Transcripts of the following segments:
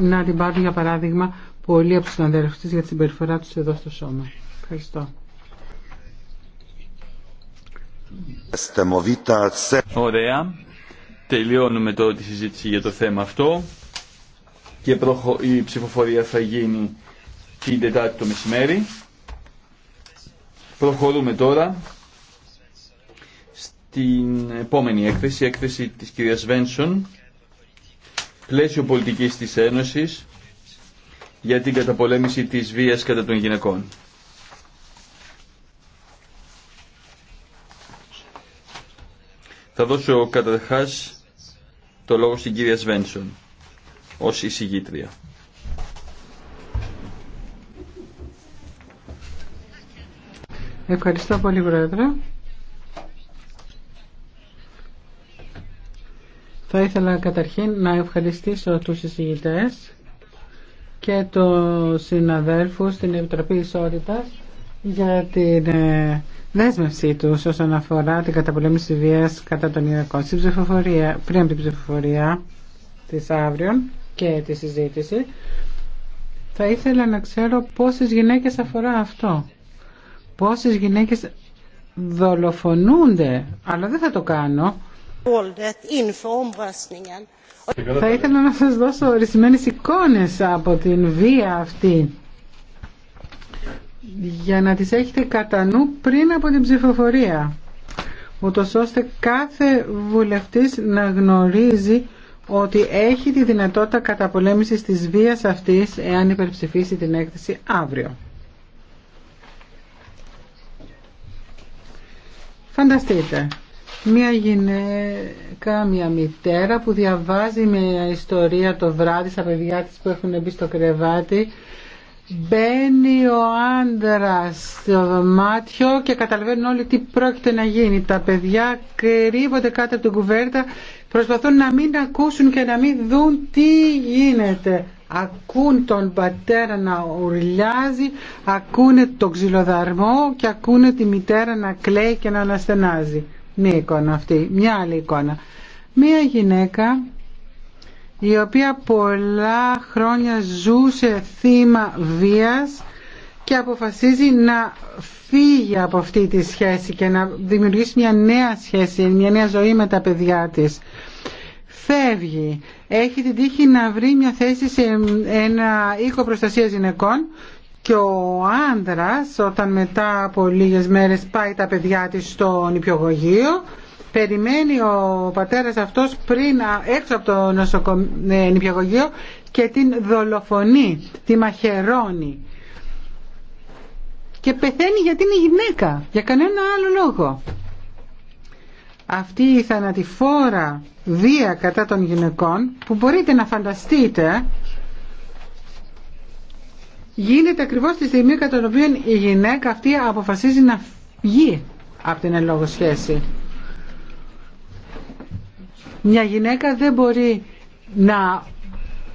να την πάρουν για παράδειγμα πολλοί από του συναδέλφου τη για την συμπεριφορά του εδώ στο σώμα. Ευχαριστώ. Ωραία. Τελειώνουμε τώρα τη συζήτηση για το θέμα αυτό και η ψηφοφορία θα γίνει την Τετάρτη το μεσημέρι. Προχωρούμε τώρα στην επόμενη έκθεση, έκθεση της κυρίας Βένσον πλαίσιο πολιτικής της Ένωσης για την καταπολέμηση της βίας κατά των γυναικών. Θα δώσω καταρχάς το λόγο στην κυρία Σβένσον ως εισηγήτρια. Ευχαριστώ πολύ, Πρόεδρε. Θα ήθελα καταρχήν να ευχαριστήσω τους εισηγητές και το συναδέλφους στην Επιτροπή Ισότητας για την ε, δέσμευσή του όσον αφορά την καταπολέμηση βίας κατά των Ιρακών. ψηφοφορία, πριν από την ψηφοφορία της αύριο και τη συζήτηση, θα ήθελα να ξέρω πόσες γυναίκες αφορά αυτό. Πόσες γυναίκες δολοφονούνται, αλλά δεν θα το κάνω θα ήθελα να σας δώσω ορισμένες εικόνες από την βία αυτή για να τις έχετε κατά νου πριν από την ψηφοφορία ούτως ώστε κάθε βουλευτής να γνωρίζει ότι έχει τη δυνατότητα καταπολέμησης της βίας αυτής εάν υπερψηφίσει την έκθεση αύριο. Φανταστείτε, μια γυναίκα, μια μητέρα που διαβάζει μια ιστορία το βράδυ στα παιδιά της που έχουν μπει στο κρεβάτι Μπαίνει ο άντρα στο δωμάτιο και καταλαβαίνουν όλοι τι πρόκειται να γίνει. Τα παιδιά κρύβονται κάτω από την κουβέρτα, προσπαθούν να μην ακούσουν και να μην δουν τι γίνεται. Ακούν τον πατέρα να ουρλιάζει, ακούνε τον ξυλοδαρμό και ακούνε τη μητέρα να κλαίει και να αναστενάζει μία εικόνα αυτή, μια άλλη εικόνα. Μία γυναίκα η οποία πολλά χρόνια ζούσε θύμα βίας και αποφασίζει να φύγει από αυτή τη σχέση και να δημιουργήσει μια νέα σχέση, μια νέα ζωή με τα παιδιά της. Φεύγει. Έχει την τύχη να βρει μια θέση σε ένα οίκο προστασίας γυναικών και ο άντρα, όταν μετά από μέρες πάει τα παιδιά της στο νηπιογωγείο περιμένει ο πατέρας αυτός πριν έξω από το νηπιογωγείο ε, νηπιαγωγείο και την δολοφονεί, τη μαχαιρώνει. Και πεθαίνει γιατί είναι γυναίκα, για κανένα άλλο λόγο. Αυτή η θανατηφόρα βία κατά των γυναικών που μπορείτε να φανταστείτε γίνεται ακριβώς τη στιγμή κατά την οποία η γυναίκα αυτή αποφασίζει να βγει από την ελόγω σχέση. Μια γυναίκα δεν μπορεί να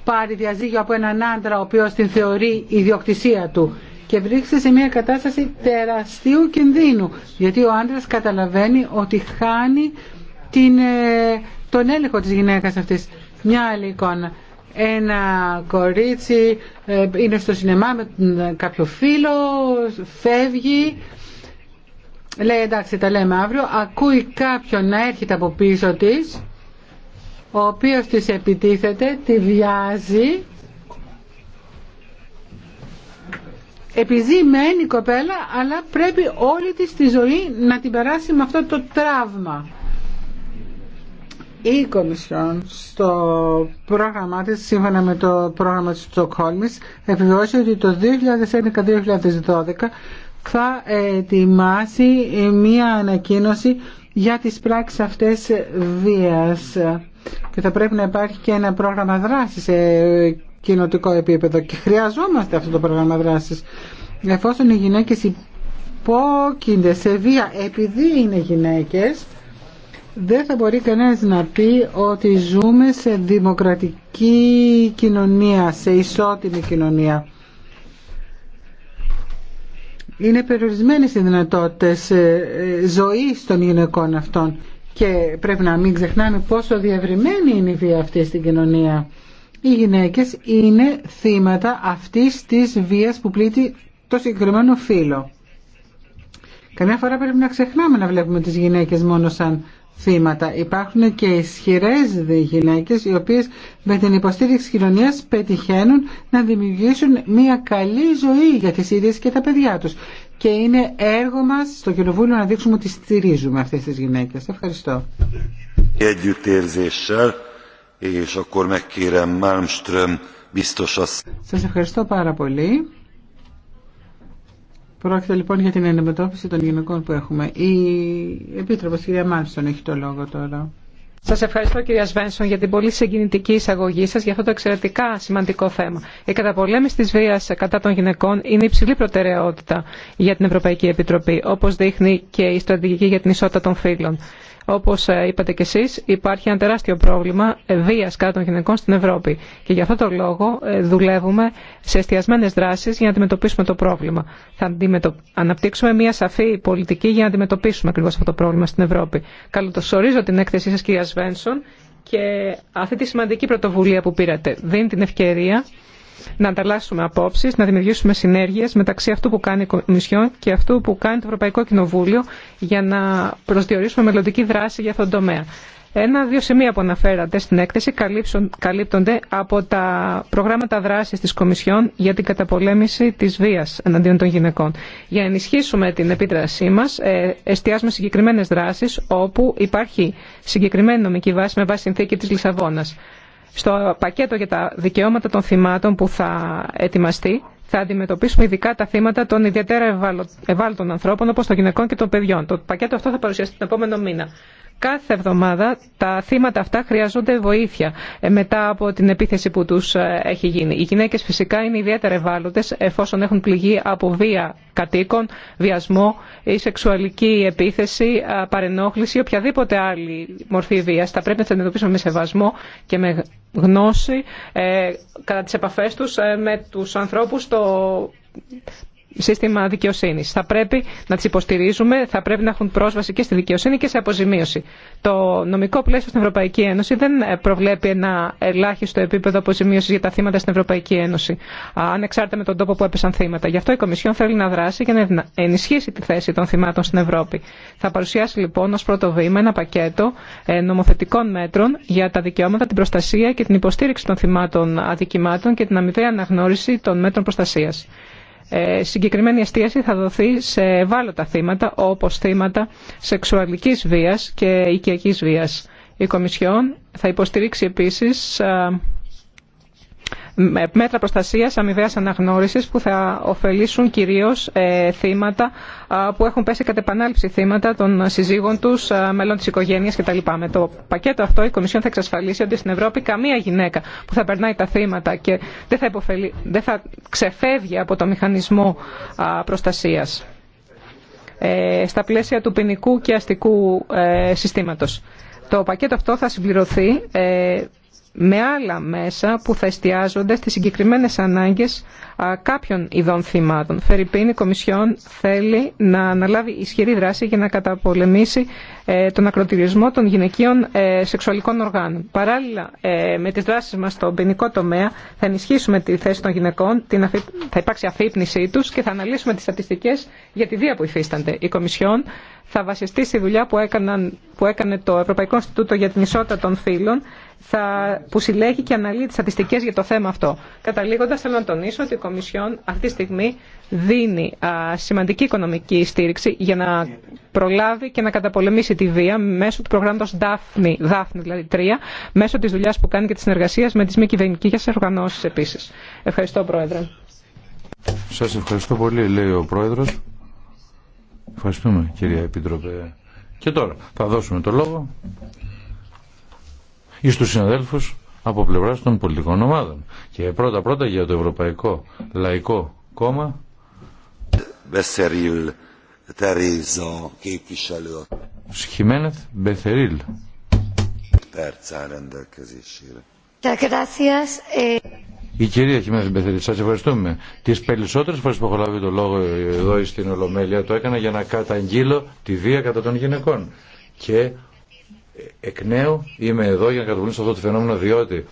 πάρει διαζύγιο από έναν άντρα ο οποίος την θεωρεί ιδιοκτησία του και βρίσκεται σε μια κατάσταση τεραστίου κινδύνου γιατί ο άντρας καταλαβαίνει ότι χάνει την, ε, τον έλεγχο της γυναίκας αυτής. Μια άλλη εικόνα ένα κορίτσι ε, είναι στο σινεμά με κάποιο φίλο, φεύγει, λέει εντάξει τα λέμε αύριο, ακούει κάποιον να έρχεται από πίσω της, ο οποίος της επιτίθεται, τη βιάζει, επειδή μένει η κοπέλα, αλλά πρέπει όλη της τη ζωή να την περάσει με αυτό το τραύμα η Κομισιόν στο πρόγραμμά της, σύμφωνα με το πρόγραμμα της Στοκχόλμης, επιβεβαιώσει ότι το 2011-2012 θα ετοιμάσει μία ανακοίνωση για τις πράξεις αυτές βίας και θα πρέπει να υπάρχει και ένα πρόγραμμα δράσης σε κοινοτικό επίπεδο και χρειαζόμαστε αυτό το πρόγραμμα δράσης εφόσον οι γυναίκες υπόκεινται σε βία επειδή είναι γυναίκες δεν θα μπορεί κανένας να πει ότι ζούμε σε δημοκρατική κοινωνία, σε ισότιμη κοινωνία. Είναι περιορισμένες οι δυνατότητες ε, ε, ζωής των γυναικών αυτών και πρέπει να μην ξεχνάμε πόσο διευρυμένη είναι η βία αυτή στην κοινωνία. Οι γυναίκες είναι θύματα αυτής της βίας που πλήττει το συγκεκριμένο φύλλο. Καμιά φορά πρέπει να ξεχνάμε να βλέπουμε τις γυναίκες μόνο σαν θύματα. Υπάρχουν και ισχυρές γυναίκε, οι οποίε με την υποστήριξη κοινωνία πετυχαίνουν να δημιουργήσουν μια καλή ζωή για τι ίδιες και τα παιδιά του. Και είναι έργο μα στο Κοινοβούλιο να δείξουμε ότι στηρίζουμε αυτέ τι γυναίκε. Ευχαριστώ. Σα ευχαριστώ πάρα πολύ. Πρόκειται λοιπόν για την αντιμετώπιση των γυναικών που έχουμε. Η Επίτροπο, η κυρία Μάρστον, έχει το λόγο τώρα. Σας ευχαριστώ κυρία Σβένσον για την πολύ συγκινητική εισαγωγή σας για αυτό το εξαιρετικά σημαντικό θέμα. Η καταπολέμηση τη βίας κατά των γυναικών είναι υψηλή προτεραιότητα για την Ευρωπαϊκή Επιτροπή, όπω δείχνει και η στρατηγική για την ισότητα των φύλων. Όπως ε, είπατε κι εσείς, υπάρχει ένα τεράστιο πρόβλημα ε, βίας κατά των γυναικών στην Ευρώπη. Και για αυτό το λόγο ε, δουλεύουμε σε εστιασμένε δράσεις για να αντιμετωπίσουμε το πρόβλημα. Θα αναπτύξουμε μια σαφή πολιτική για να αντιμετωπίσουμε ακριβώ αυτό το πρόβλημα στην Ευρώπη. Καλωτοσορίζω την έκθεσή σας κυρία Σβένσον και αυτή τη σημαντική πρωτοβουλία που πήρατε δίνει την ευκαιρία να ανταλλάσσουμε απόψει, να δημιουργήσουμε συνέργειε μεταξύ αυτού που κάνει η Κομισιόν και αυτού που κάνει το Ευρωπαϊκό Κοινοβούλιο για να προσδιορίσουμε μελλοντική δράση για αυτόν τον τομέα. Ένα-δύο σημεία που αναφέρατε στην έκθεση καλύπτονται από τα προγράμματα δράση τη Κομισιόν για την καταπολέμηση τη βία εναντίον των γυναικών. Για να ενισχύσουμε την επίδρασή μας, ε, εστιάζουμε συγκεκριμένε δράσει όπου υπάρχει συγκεκριμένη νομική βάση με βάση συνθήκη τη Λισαβόνα. Στο πακέτο για τα δικαιώματα των θυμάτων που θα ετοιμαστεί, θα αντιμετωπίσουμε ειδικά τα θύματα των ιδιαίτερα ευάλωτων ανθρώπων, όπως των γυναικών και των παιδιών. Το πακέτο αυτό θα παρουσιαστεί τον επόμενο μήνα. Κάθε εβδομάδα τα θύματα αυτά χρειαζόνται βοήθεια ε, μετά από την επίθεση που τους ε, έχει γίνει. Οι γυναίκες φυσικά είναι ιδιαίτερα ευάλωτες εφόσον έχουν πληγεί από βία κατοίκων, βιασμό ή σεξουαλική επίθεση, παρενόχληση ή οποιαδήποτε άλλη μορφή βίας. Θα πρέπει να τις αντιμετωπίσουμε με σεβασμό και με γνώση ε, κατά τις επαφές τους με τους ανθρώπους το σύστημα δικαιοσύνη. Θα πρέπει να τι υποστηρίζουμε, θα πρέπει να έχουν πρόσβαση και στη δικαιοσύνη και σε αποζημίωση. Το νομικό πλαίσιο στην Ευρωπαϊκή Ένωση δεν προβλέπει ένα ελάχιστο επίπεδο αποζημίωση για τα θύματα στην Ευρωπαϊκή Ένωση, ανεξάρτητα με τον τόπο που έπεσαν θύματα. Γι' αυτό η Κομισιόν θέλει να δράσει και να ενισχύσει τη θέση των θυμάτων στην Ευρώπη. Θα παρουσιάσει λοιπόν ω πρώτο βήμα ένα πακέτο ε, νομοθετικών μέτρων για τα δικαιώματα, την προστασία και την υποστήριξη των θυμάτων αδικημάτων και την αμοιβαία αναγνώριση των μέτρων προστασία. Ε, συγκεκριμένη εστίαση θα δοθεί σε ευάλωτα θύματα όπως θύματα σεξουαλικής βίας και οικιακής βίας. Η Κομισιόν θα υποστηρίξει επίσης μέτρα προστασίας αμοιβαίας αναγνώρισης που θα ωφελήσουν κυρίως ε, θύματα που έχουν πέσει κατ' επανάληψη θύματα των συζύγων τους, μελών της οικογένειας κτλ. Με το πακέτο αυτό η Κομισιόν θα εξασφαλίσει ότι στην Ευρώπη καμία γυναίκα που θα περνάει τα θύματα και δεν θα, υποφελεί, δεν θα ξεφεύγει από το μηχανισμό προστασίας ε, στα πλαίσια του ποινικού και αστικού ε, συστήματος. Το πακέτο αυτό θα συμπληρωθεί με άλλα μέσα που θα εστιάζονται στις συγκεκριμένες ανάγκες κάποιων ειδών θυμάτων. Φερρυπίν, η Κομισιόν θέλει να αναλάβει ισχυρή δράση για να καταπολεμήσει ε, τον ακροτηρισμό των γυναικείων ε, σεξουαλικών οργάνων. Παράλληλα ε, με τις δράσεις μας στον ποινικό τομέα θα ενισχύσουμε τη θέση των γυναικών, θα υπάρξει αφύπνισή τους και θα αναλύσουμε τις στατιστικές για τη βία που υφίστανται. Η Κομισιόν θα βασιστεί στη δουλειά που, έκαναν, που έκανε το Ευρωπαϊκό Ινστιτούτο για την Ισότητα των Φύλων θα, που συλλέγει και αναλύει τι στατιστικέ για το θέμα αυτό. Καταλήγοντα, θέλω να τονίσω ότι η Κομισιόν αυτή τη στιγμή δίνει σημαντική οικονομική στήριξη για να προλάβει και να καταπολεμήσει τη βία μέσω του προγράμματο Δάφνη, Δάφνη δηλαδή 3, μέσω τη δουλειά που κάνει και τη συνεργασία με τι μη κυβερνητικέ οργανώσει επίση. Ευχαριστώ, Πρόεδρε. Σα ευχαριστώ πολύ, λέει ο Πρόεδρο. Ευχαριστούμε, κυρία Επιτροπέ. Και τώρα θα δώσουμε το λόγο ή στους συναδέλφους από πλευράς των πολιτικών ομάδων. Και πρώτα πρώτα για το Ευρωπαϊκό Λαϊκό Κόμμα. Μπεσερίλ Τερίζο και Σχημένεθ Μπεθερίλ. Eh, η κυρία Χιμένεθ Μπεθερίλ, σας ευχαριστούμε. Τις περισσότερες φορές που έχω λάβει το λόγο εδώ στην Ολομέλεια το έκανα για να καταγγείλω τη βία κατά των γυναικών. Και εκ νέου είμαι εδώ για να καταβολήσω αυτό το φαινόμενο διότι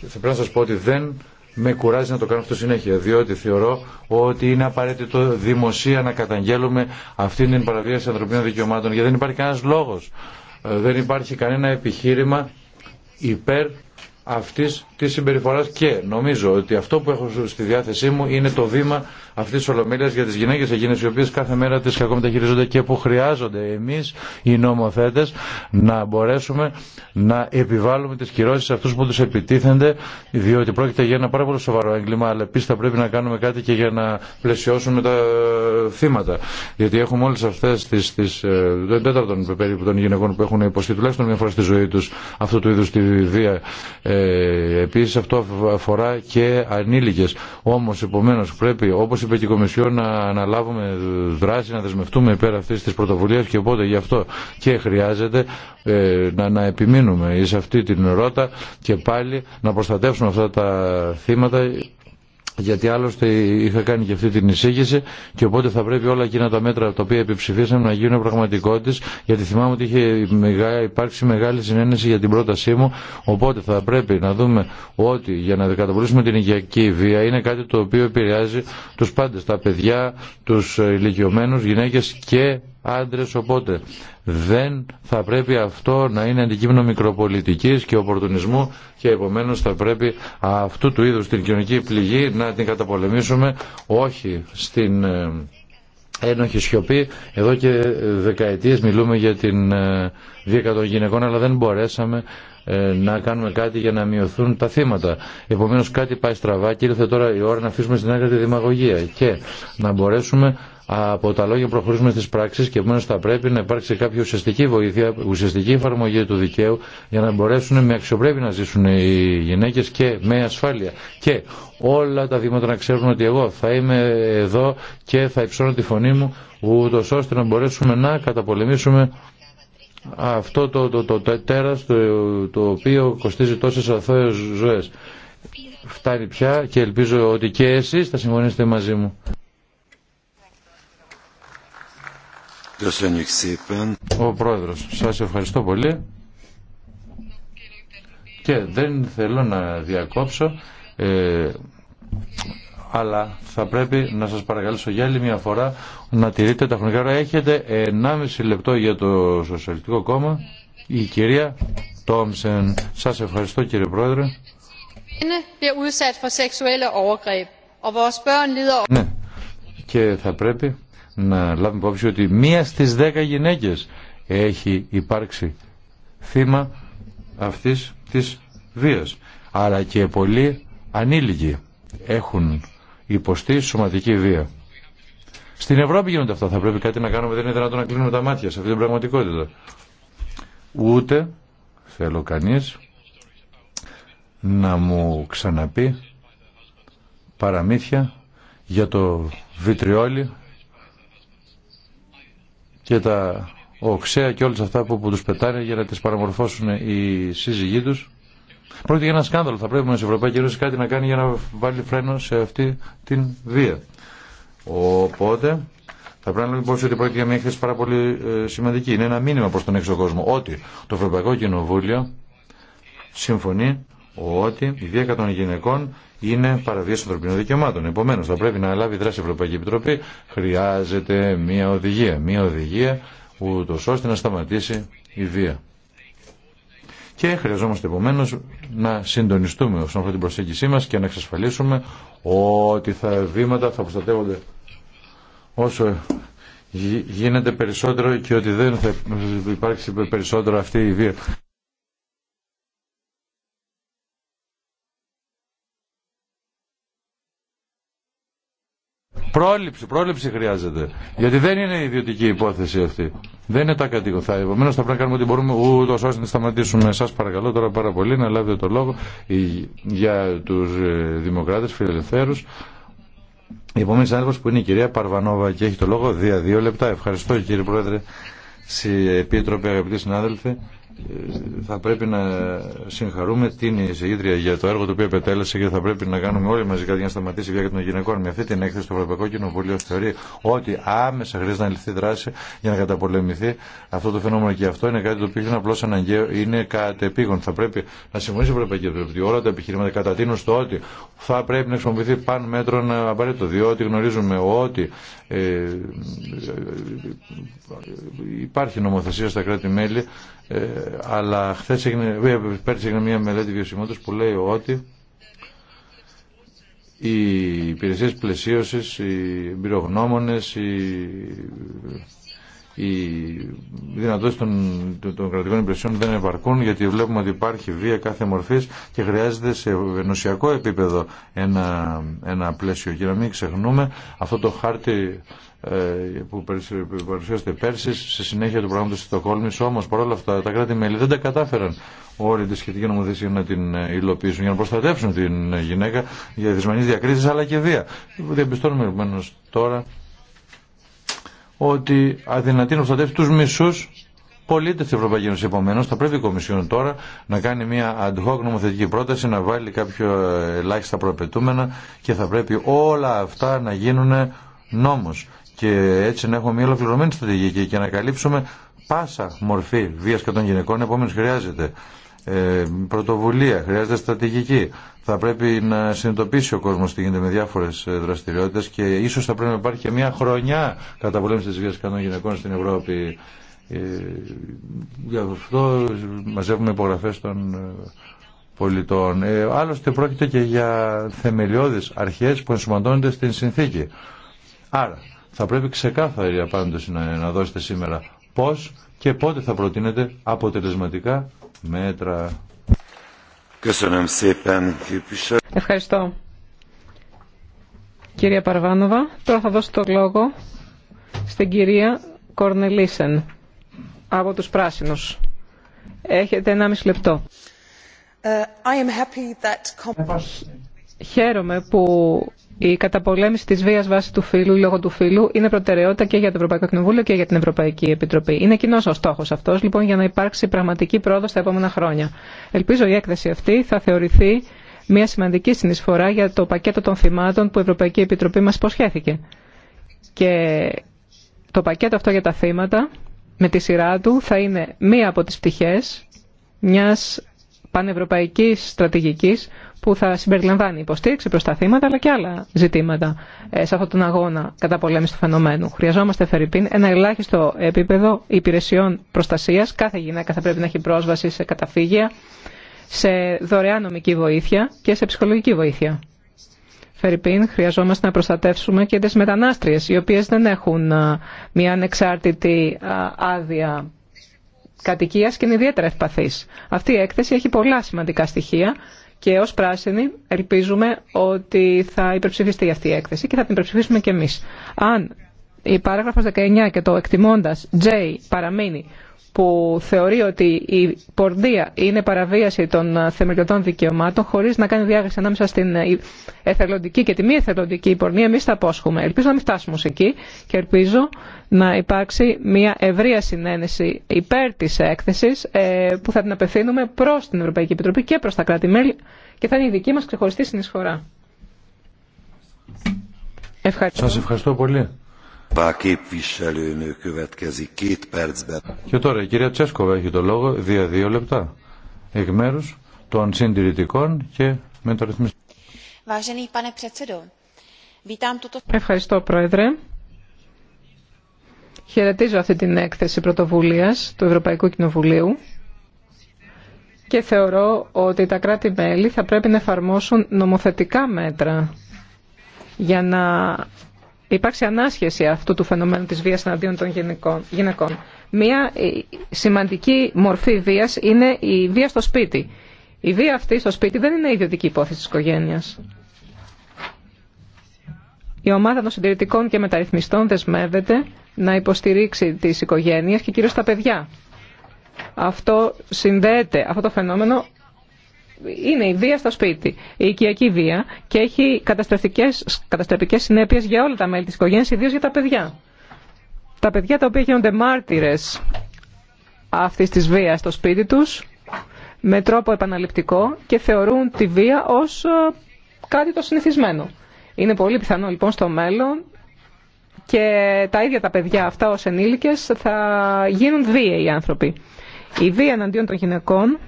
θα πρέπει να σας πω ότι δεν με κουράζει να το κάνω αυτό συνέχεια, διότι θεωρώ ότι είναι απαραίτητο δημοσία να καταγγέλουμε αυτή την παραβίαση ανθρωπίνων δικαιωμάτων, γιατί δεν υπάρχει κανένας λόγος ε, δεν υπάρχει κανένα επιχείρημα υπέρ αυτής τη συμπεριφορά και νομίζω ότι αυτό που έχω στη διάθεσή μου είναι το βήμα αυτή τη ολομέλεια για τι γυναίκε εκείνε οι οποίε κάθε μέρα τις χειρίζονται και που χρειάζονται εμείς οι νομοθέτε, να μπορέσουμε να επιβάλλουμε τι κυρώσει σε αυτού που του επιτίθενται διότι πρόκειται για ένα πάρα πολύ σοβαρό έγκλημα αλλά επίση θα πρέπει να κάνουμε κάτι και για να πλαισιώσουμε τα ε, θύματα γιατί έχουμε όλε αυτέ τις, τις ε, τέταρτον περίπου των γυναικών που έχουν υποστεί τουλάχιστον μια φορά στη ζωή του αυτού του είδου τη βία ε, επίσης αυτό αφορά και ανήλικες. Όμως επομένως πρέπει όπως είπε και η Κομισιό να αναλάβουμε δράση, να δεσμευτούμε πέρα αυτής της πρωτοβουλίας και οπότε γι' αυτό και χρειάζεται ε, να, να επιμείνουμε σε αυτή την ερώτα και πάλι να προστατεύσουμε αυτά τα θύματα γιατί άλλωστε είχα κάνει και αυτή την εισήγηση και οπότε θα πρέπει όλα εκείνα τα μέτρα τα οποία επιψηφίσαμε να γίνουν πραγματικότητες γιατί θυμάμαι ότι είχε υπάρξει μεγάλη συνένεση για την πρότασή μου οπότε θα πρέπει να δούμε ότι για να καταπολύσουμε την υγειακή βία είναι κάτι το οποίο επηρεάζει τους πάντες, τα παιδιά, τους ηλικιωμένους, γυναίκες και άντρες οπότε δεν θα πρέπει αυτό να είναι αντικείμενο μικροπολιτικής και οπορτουνισμού και επομένως θα πρέπει αυτού του είδους την κοινωνική πληγή να την καταπολεμήσουμε όχι στην ε, ένοχη σιωπή εδώ και ε, δεκαετίες μιλούμε για την ε, βία των γυναικών αλλά δεν μπορέσαμε να κάνουμε κάτι για να μειωθούν τα θύματα. Επομένως κάτι πάει στραβά και ήρθε τώρα η ώρα να αφήσουμε στην άκρη τη δημαγωγία και να μπορέσουμε από τα λόγια προχωρήσουμε στις πράξεις και επομένως θα πρέπει να υπάρξει κάποια ουσιαστική βοήθεια, ουσιαστική εφαρμογή του δικαίου για να μπορέσουν με αξιοπρέπεια να ζήσουν οι γυναίκες και με ασφάλεια. Και όλα τα δήματα να ξέρουν ότι εγώ θα είμαι εδώ και θα υψώνω τη φωνή μου ούτως ώστε να μπορέσουμε να καταπολεμήσουμε αυτό το, το, το, τέρας το, το οποίο κοστίζει τόσες αθώες ζωές. Φτάνει πια και ελπίζω ότι και εσείς θα συμφωνήσετε μαζί μου. Ο Πρόεδρος, σας ευχαριστώ πολύ. Και δεν θέλω να διακόψω, ε, αλλά θα πρέπει να σας παρακαλέσω για άλλη μια φορά να τηρείτε τα χρονικά ώρα. Έχετε 1,5 λεπτό για το Σοσιαλιστικό Κόμμα. Η κυρία Τόμσεν. Σας ευχαριστώ κύριε Πρόεδρε. Ναι, και θα πρέπει να λάβουμε υπόψη ότι μία στις δέκα γυναίκες έχει υπάρξει θύμα αυτής της βίας. Άρα και πολλοί ανήλικοι έχουν υποστεί σωματική βία. Στην Ευρώπη γίνονται αυτά. Θα πρέπει κάτι να κάνουμε. Δεν είναι δυνατόν να κλείνουμε τα μάτια σε αυτή την πραγματικότητα. Ούτε θέλω κανείς να μου ξαναπεί παραμύθια για το βιτριόλι και τα οξέα και όλα αυτά που, που τους πετάνε για να τις παραμορφώσουν οι σύζυγοί τους. Πρόκειται για ένα σκάνδαλο. Θα πρέπει σε Ευρωπαϊκή Ένωση κάτι να κάνει για να βάλει φρένο σε αυτή την βία. Οπότε θα πρέπει να λέμε λοιπόν ότι πρόκειται για μια έκθεση πάρα πολύ ε, σημαντική. Είναι ένα μήνυμα προ τον έξω κόσμο ότι το Ευρωπαϊκό Κοινοβούλιο συμφωνεί ότι η βία των γυναικών είναι παραβίαση ανθρωπίνων δικαιωμάτων. Επομένω, θα πρέπει να λάβει δράση η Ευρωπαϊκή Επιτροπή. Χρειάζεται μια οδηγία. Μια οδηγία ούτω ώστε να σταματήσει η βία. Και χρειαζόμαστε επομένω να συντονιστούμε όσον αφορά την προσέγγιση μα και να εξασφαλίσουμε ότι τα βήματα θα προστατεύονται όσο γίνεται περισσότερο και ότι δεν θα υπάρξει περισσότερο αυτή η βία. Πρόληψη, πρόληψη χρειάζεται. Γιατί δεν είναι η ιδιωτική υπόθεση αυτή. Δεν είναι τα κατοικοθά. Επομένω θα πρέπει να κάνουμε ό,τι μπορούμε ούτω ώστε να σταματήσουμε. Σα παρακαλώ τώρα πάρα πολύ να λάβετε το λόγο για του ε, δημοκράτε, φιλελευθέρου. Η επόμενη συνάδελφο που είναι η κυρία Παρβανόβα και έχει το λόγο δια δύο λεπτά. Ευχαριστώ κύριε Πρόεδρε, επίτροπε, αγαπητοί συνάδελφοι θα πρέπει να συγχαρούμε την εισηγήτρια για το έργο το οποίο επετέλεσε και θα πρέπει να κάνουμε όλοι μαζί κάτι για να σταματήσει η βία των γυναικών. Με αυτή την έκθεση το Ευρωπαϊκό Κοινοβούλιο θεωρεί ότι άμεσα χρειάζεται να ληφθεί δράση για να καταπολεμηθεί αυτό το φαινόμενο και αυτό είναι κάτι το οποίο είναι απλώ αναγκαίο, είναι κατεπήγον. Θα πρέπει να συμφωνήσει η Ευρωπαϊκή Επιτροπή. Όλα τα επιχειρήματα κατατείνουν στο ότι θα πρέπει να χρησιμοποιηθεί παν μέτρων απαραίτητο, διότι γνωρίζουμε ότι ε, ε υπάρχει νομοθεσία στα κράτη-μέλη ε, αλλά χθες έγινε, ε, έγινε μια μελέτη βιωσιμότητας που λέει ότι οι υπηρεσίες πλαισίωσης, οι εμπειρογνώμονες, οι, οι δυνατότητες των, των κρατικών υπηρεσιών δεν επαρκούν γιατί βλέπουμε ότι υπάρχει βία κάθε μορφής και χρειάζεται σε ενωσιακό επίπεδο ένα, ένα πλαίσιο και να μην ξεχνούμε αυτό το χάρτη ε, που παρουσιάζεται πέρσι σε συνέχεια του προγράμματος τη Στοκόλμης Όμω παρόλα αυτά τα κράτη-μέλη δεν τα κατάφεραν όλη τη σχετική νομοθεσία να την ε, υλοποιήσουν για να προστατεύσουν την ε, γυναίκα για δυσμενεί διακρίσεις αλλά και βία. Διαπιστώνουμε επομένω τώρα ότι αδυνατεί να προστατεύσει του μισού πολίτε τη Ευρωπαϊκή Ένωση. Επομένω, θα πρέπει η Κομισιόν τώρα να κάνει μια ad hoc νομοθετική πρόταση, να βάλει κάποιο ελάχιστα προαπαιτούμενα και θα πρέπει όλα αυτά να γίνουν νόμος και έτσι να έχουμε μια ολοκληρωμένη στρατηγική και να καλύψουμε πάσα μορφή βία και των γυναικών. Επομένω, χρειάζεται ε, πρωτοβουλία, χρειάζεται στρατηγική. Θα πρέπει να συνειδητοποιήσει ο κόσμο τι γίνεται με διάφορε δραστηριότητε και ίσω θα πρέπει να υπάρχει και μια χρονιά καταπολέμηση τη βία και των γυναικών στην Ευρώπη. Ε, γι' αυτό μαζεύουμε υπογραφέ των ε, πολιτών. Ε, άλλωστε πρόκειται και για θεμελιώδεις αρχές που ενσωματώνονται στην συνθήκη. Άρα θα πρέπει ξεκάθαρη απάντηση να, να δώσετε σήμερα πώς και πότε θα προτείνετε αποτελεσματικά μέτρα. Ευχαριστώ. Κυρία Παρβάνοβα, τώρα θα δώσω το λόγο στην κυρία Κορνελίσεν από τους Πράσινους. Έχετε 1,5 λεπτό. Ε, I am happy that... Χαίρομαι που η καταπολέμηση τη βία βάσει του φύλου λόγω του φύλου είναι προτεραιότητα και για το Ευρωπαϊκό Κοινοβούλιο και για την Ευρωπαϊκή Επιτροπή. Είναι κοινό ο στόχο αυτό, λοιπόν, για να υπάρξει πραγματική πρόοδο τα επόμενα χρόνια. Ελπίζω η έκθεση αυτή θα θεωρηθεί μια σημαντική συνεισφορά για το πακέτο των θυμάτων που η Ευρωπαϊκή Επιτροπή μα υποσχέθηκε. Και το πακέτο αυτό για τα θύματα, με τη σειρά του, θα είναι μία από τι πτυχέ μια πανευρωπαϊκής στρατηγικής που θα συμπεριλαμβάνει υποστήριξη προ τα θύματα αλλά και άλλα ζητήματα ε, σε αυτόν τον αγώνα κατά πολέμηση του φαινομένου. Χρειαζόμαστε, Φερρυπίν, ένα ελάχιστο επίπεδο υπηρεσιών προστασία. Κάθε γυναίκα θα πρέπει να έχει πρόσβαση σε καταφύγια, σε δωρεάν νομική βοήθεια και σε ψυχολογική βοήθεια. Φερρυπίν, χρειαζόμαστε να προστατεύσουμε και τι μετανάστριε, οι οποίε δεν έχουν ε, μια ανεξάρτητη ε, άδεια κατοικία και είναι ιδιαίτερα ευπαθή. Αυτή η έκθεση έχει πολλά σημαντικά στοιχεία και ως πράσινοι ελπίζουμε ότι θα υπερψηφιστεί αυτή η έκθεση και θα την υπερψηφίσουμε και εμείς. Αν η παράγραφος 19 και το εκτιμώντα J παραμείνει που θεωρεί ότι η πορδία είναι παραβίαση των ε, θεμελιωτών δικαιωμάτων χωρίς να κάνει διάγραση ανάμεσα στην ε, εθελοντική και τη μη εθελοντική πορνεία, εμείς θα απόσχουμε. Ελπίζω να μην φτάσουμε εκεί και ελπίζω να υπάρξει μια ευρεία συνένεση υπέρ της έκθεσης ε, που θα την απευθύνουμε προς την Ευρωπαϊκή Επιτροπή και προς τα κράτη-μέλη και θα είναι η δική μας ξεχωριστή συνεισφορά. Ευχαριστώ. Σας ευχαριστώ πολύ. Και τώρα η κυρία Τσέσκοβα έχει το λόγο δύο-δύο λεπτά εκ μέρου των συντηρητικών και μεταρρυθμιστών. Ευχαριστώ Πρόεδρε. Χαιρετίζω αυτή την έκθεση πρωτοβουλίας του Ευρωπαϊκού Κοινοβουλίου και θεωρώ ότι τα κράτη-μέλη θα πρέπει να εφαρμόσουν νομοθετικά μέτρα για να υπάρξει ανάσχεση αυτού του φαινομένου της βίας εναντίον των γυναικών. Μία ε, σημαντική μορφή βίας είναι η βία στο σπίτι. Η βία αυτή στο σπίτι δεν είναι ιδιωτική υπόθεση της οικογένειας. Η ομάδα των συντηρητικών και μεταρρυθμιστών δεσμεύεται να υποστηρίξει τις οικογένειες και κυρίως τα παιδιά. Αυτό συνδέεται, αυτό το φαινόμενο είναι η βία στο σπίτι, η οικιακή βία και έχει καταστροφικές συνέπειες για όλα τα μέλη της οικογένειας, ιδίως για τα παιδιά. Τα παιδιά τα οποία γίνονται μάρτυρες αυτής της βίας στο σπίτι τους με τρόπο επαναληπτικό και θεωρούν τη βία ως ε, κάτι το συνηθισμένο. Είναι πολύ πιθανό λοιπόν στο μέλλον και τα ίδια τα παιδιά αυτά ως ενήλικες θα γίνουν βίαιοι άνθρωποι. Η βία εναντίον των γυναικών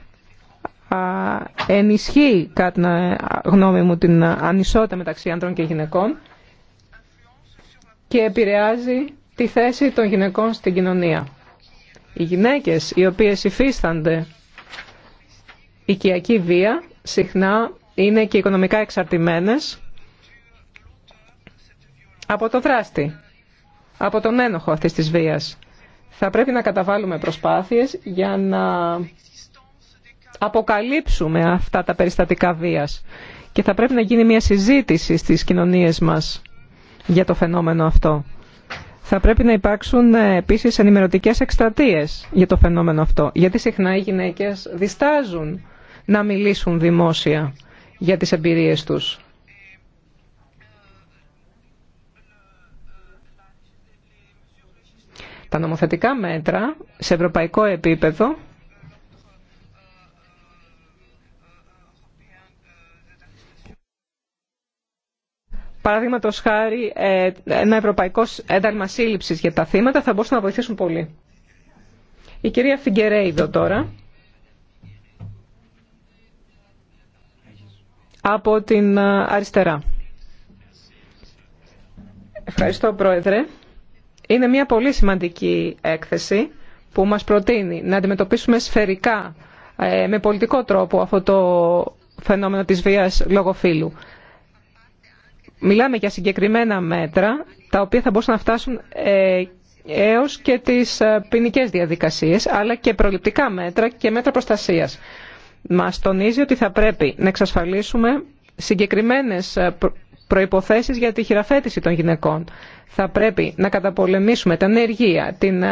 ενισχύει κατά την γνώμη μου την ανισότητα μεταξύ ανδρών και γυναικών και επηρεάζει τη θέση των γυναικών στην κοινωνία. Οι γυναίκες οι οποίες υφίστανται οικιακή βία συχνά είναι και οικονομικά εξαρτημένες από το δράστη, από τον ένοχο αυτής της βίας. Θα πρέπει να καταβάλουμε προσπάθειες για να αποκαλύψουμε αυτά τα περιστατικά βίας και θα πρέπει να γίνει μια συζήτηση στις κοινωνίες μας για το φαινόμενο αυτό. Θα πρέπει να υπάρξουν ε, επίσης ενημερωτικές εκστρατείες για το φαινόμενο αυτό, γιατί συχνά οι γυναίκες διστάζουν να μιλήσουν δημόσια για τις εμπειρίες τους. Τα νομοθετικά μέτρα σε ευρωπαϊκό επίπεδο Παραδείγματο χάρη, ε, ένα ευρωπαϊκό ένταλμα σύλληψη για τα θύματα θα μπορούσαν να βοηθήσουν πολύ. Η κυρία Φιγκερέιδο τώρα. Από την ε, αριστερά. Ευχαριστώ, Πρόεδρε. Είναι μια πολύ σημαντική έκθεση που μας προτείνει να αντιμετωπίσουμε σφαιρικά, ε, με πολιτικό τρόπο, αυτό το φαινόμενο της βίας λόγω Μιλάμε για συγκεκριμένα μέτρα, τα οποία θα μπορούσαν να φτάσουν ε, έως και τις ε, ποινικέ διαδικασίες, αλλά και προληπτικά μέτρα και μέτρα προστασίας. Μας τονίζει ότι θα πρέπει να εξασφαλίσουμε συγκεκριμένες ε, προϋποθέσεις για τη χειραφέτηση των γυναικών. Θα πρέπει να καταπολεμήσουμε την ενέργεια την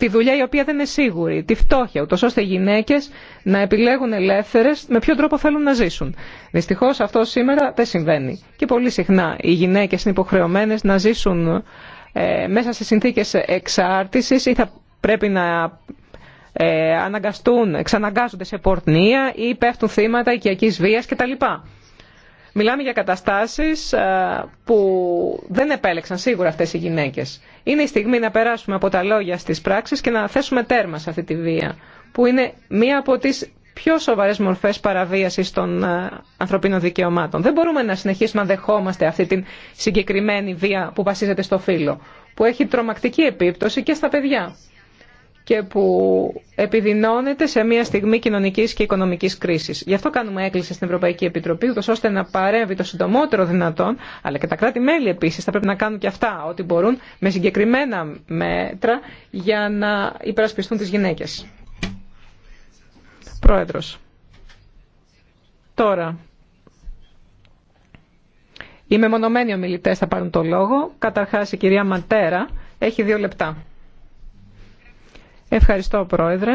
τη δουλειά η οποία δεν είναι σίγουρη, τη φτώχεια, ούτως ώστε οι γυναίκες να επιλέγουν ελεύθερες με ποιο τρόπο θέλουν να ζήσουν. Δυστυχώς αυτό σήμερα δεν συμβαίνει. Και πολύ συχνά οι γυναίκες είναι υποχρεωμένες να ζήσουν ε, μέσα σε συνθήκες εξάρτησης ή θα πρέπει να ε, αναγκαστούν, εξαναγκάζονται σε πορνεία ή πέφτουν θύματα οικιακής βίας κτλ. Μιλάμε για καταστάσεις ε, που δεν επέλεξαν σίγουρα αυτές οι γυναίκες. Είναι η στιγμή να περάσουμε από τα λόγια στις πράξεις και να θέσουμε τέρμα σε αυτή τη βία, που είναι μία από τις πιο σοβαρές μορφές παραβίασης των ε, ανθρωπίνων δικαιωμάτων. Δεν μπορούμε να συνεχίσουμε να δεχόμαστε αυτή την συγκεκριμένη βία που βασίζεται στο φύλλο, που έχει τρομακτική επίπτωση και στα παιδιά και που επιδεινώνεται σε μια στιγμή κοινωνική και οικονομική κρίση. Γι' αυτό κάνουμε έκκληση στην Ευρωπαϊκή Επιτροπή, ούτω ώστε να παρέμβει το συντομότερο δυνατόν, αλλά και τα κράτη-μέλη επίση θα πρέπει να κάνουν και αυτά ό,τι μπορούν με συγκεκριμένα μέτρα για να υπερασπιστούν τι γυναίκε. Πρόεδρο. Τώρα. Οι μεμονωμένοι ομιλητέ θα πάρουν το λόγο. Καταρχά η κυρία Ματέρα έχει δύο λεπτά. Ευχαριστώ, Πρόεδρε.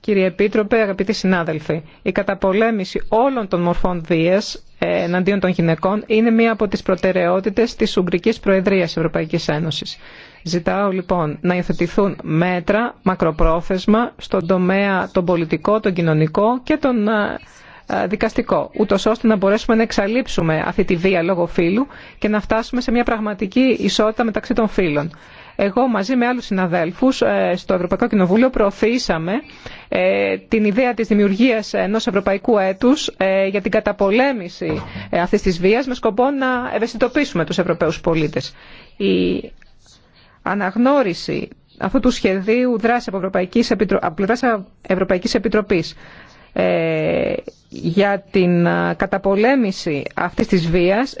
Κύριε Επίτροπε, αγαπητοί συνάδελφοι, η καταπολέμηση όλων των μορφών βίας ε, εναντίον των γυναικών είναι μία από τις προτεραιότητες της Ουγγρικής Προεδρίας Ευρωπαϊκής Ένωσης. Ζητάω λοιπόν να υιοθετηθούν μέτρα μακροπρόθεσμα στον τομέα τον πολιτικό, τον κοινωνικό και τον ε, ε, δικαστικό, ούτω ώστε να μπορέσουμε να εξαλείψουμε αυτή τη βία λόγω φύλου και να φτάσουμε σε μια πραγματική ισότητα μεταξύ των φύλων. Εγώ μαζί με άλλους συναδέλφους ε, στο Ευρωπαϊκό Κοινοβούλιο προωθήσαμε ε, την ιδέα της δημιουργίας ενός ευρωπαϊκού έτους ε, για την καταπολέμηση αυτής της βίας με σκοπό να ευαισθητοποιήσουμε τους Ευρωπαίους πολίτες. Η αναγνώριση αυτού του σχεδίου δράση από, Ευρωπαϊκής Επιτρο... Ευρωπαϊκής Επιτροπής για την καταπολέμηση αυτής της βίας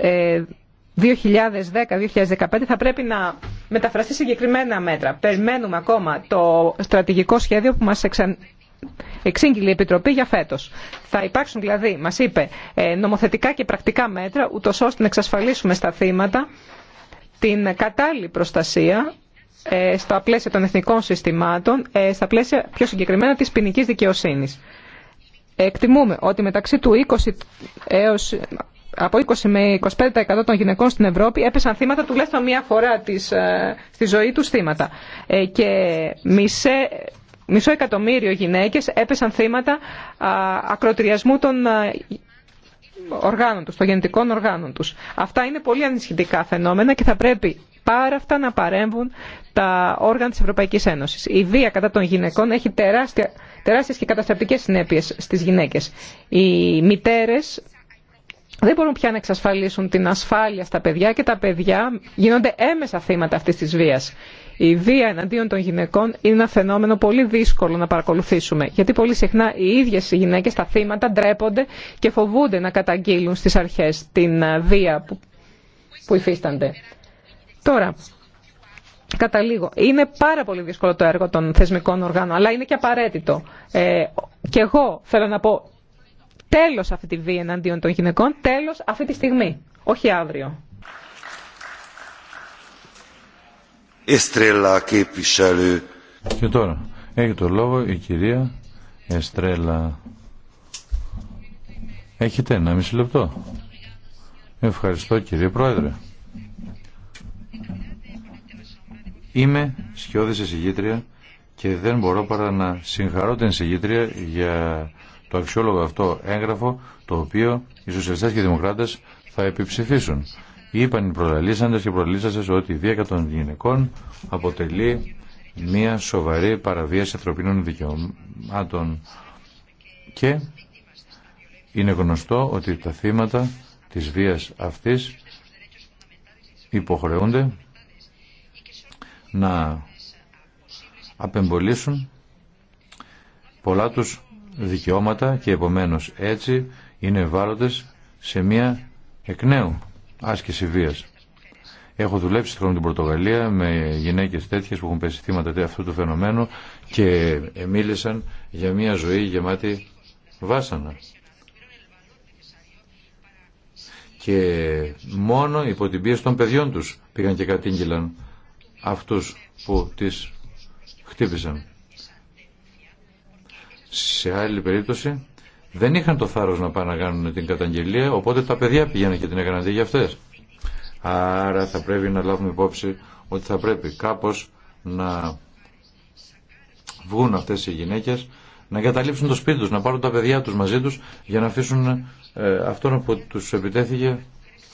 2010-2015 θα πρέπει να μεταφραστεί συγκεκριμένα μέτρα. Περιμένουμε ακόμα το στρατηγικό σχέδιο που μας εξαν... εξήγηλε η Επιτροπή για φέτος. Θα υπάρξουν δηλαδή, μας είπε, ε, νομοθετικά και πρακτικά μέτρα, ούτω ώστε να εξασφαλίσουμε στα θύματα την κατάλληλη προστασία ε, στα πλαίσια των εθνικών συστημάτων, ε, στα πλαίσια πιο συγκεκριμένα της ποινική δικαιοσύνης. Εκτιμούμε ότι μεταξύ του 20 έως από 20 με 25% των γυναικών στην Ευρώπη έπεσαν θύματα τουλάχιστον μία φορά της, ε, στη ζωή τους θύματα. Ε, και μισέ, μισό εκατομμύριο γυναίκες έπεσαν θύματα ακροτηριασμού των ε, οργάνων τους, των γεννητικών οργάνων τους. Αυτά είναι πολύ ανησυχητικά φαινόμενα και θα πρέπει πάρα αυτά να παρέμβουν τα όργανα της Ευρωπαϊκής Ένωσης. Η βία κατά των γυναικών έχει τεράστια, τεράστιες και καταστρεπτικές συνέπειες στις γυναίκες. Οι μητέρες δεν μπορούν πια να εξασφαλίσουν την ασφάλεια στα παιδιά και τα παιδιά γίνονται έμεσα θύματα αυτής της βίας. Η βία εναντίον των γυναικών είναι ένα φαινόμενο πολύ δύσκολο να παρακολουθήσουμε, γιατί πολύ συχνά οι ίδιες οι γυναίκες, στα θύματα, ντρέπονται και φοβούνται να καταγγείλουν στις αρχές την ε, βία που, που υφίστανται. Τώρα, καταλήγω. Είναι πάρα πολύ δύσκολο το έργο των θεσμικών οργάνων, αλλά είναι και απαραίτητο. Ε, και εγώ θέλω να πω Τέλος αυτή τη βία εναντίον των γυναικών, τέλος αυτή τη στιγμή, όχι αύριο. Εστρέλα και Και τώρα έχει το λόγο η κυρία Εστρέλα. Έχετε ένα μισή λεπτό. Ευχαριστώ κύριε Πρόεδρε. Είμαι σκιώδης εισηγήτρια και δεν μπορώ παρά να συγχαρώ την εισηγήτρια για το αξιόλογο αυτό έγγραφο το οποίο οι σοσιαλιστές και οι δημοκράτες θα επιψηφίσουν. Είπαν οι προλαλήσαντες και προλαλήσασες ότι η βία των γυναικών αποτελεί μια σοβαρή παραβίαση ανθρωπίνων δικαιωμάτων και είναι γνωστό ότι τα θύματα της βίας αυτής υποχρεούνται να απεμπολίσουν πολλά τους δικαιώματα και επομένως έτσι είναι ευάλωτες σε μια εκ νέου άσκηση βίας. Έχω δουλέψει χρόνο την Πορτογαλία με γυναίκες τέτοιες που έχουν πέσει θύματα αυτού του φαινομένου και ε, μίλησαν για μια ζωή γεμάτη βάσανα. Και μόνο υπό την πίεση των παιδιών τους πήγαν και κατήγγυλαν αυτούς που τις χτύπησαν. Σε άλλη περίπτωση δεν είχαν το θάρρος να πάνε να κάνουν την καταγγελία, οπότε τα παιδιά πηγαίνουν και την έκαναν για αυτές. Άρα θα πρέπει να λάβουμε υπόψη ότι θα πρέπει κάπως να βγουν αυτές οι γυναίκες, να εγκαταλείψουν το σπίτι τους, να πάρουν τα παιδιά τους μαζί τους για να αφήσουν ε, αυτόν που τους επιτέθηκε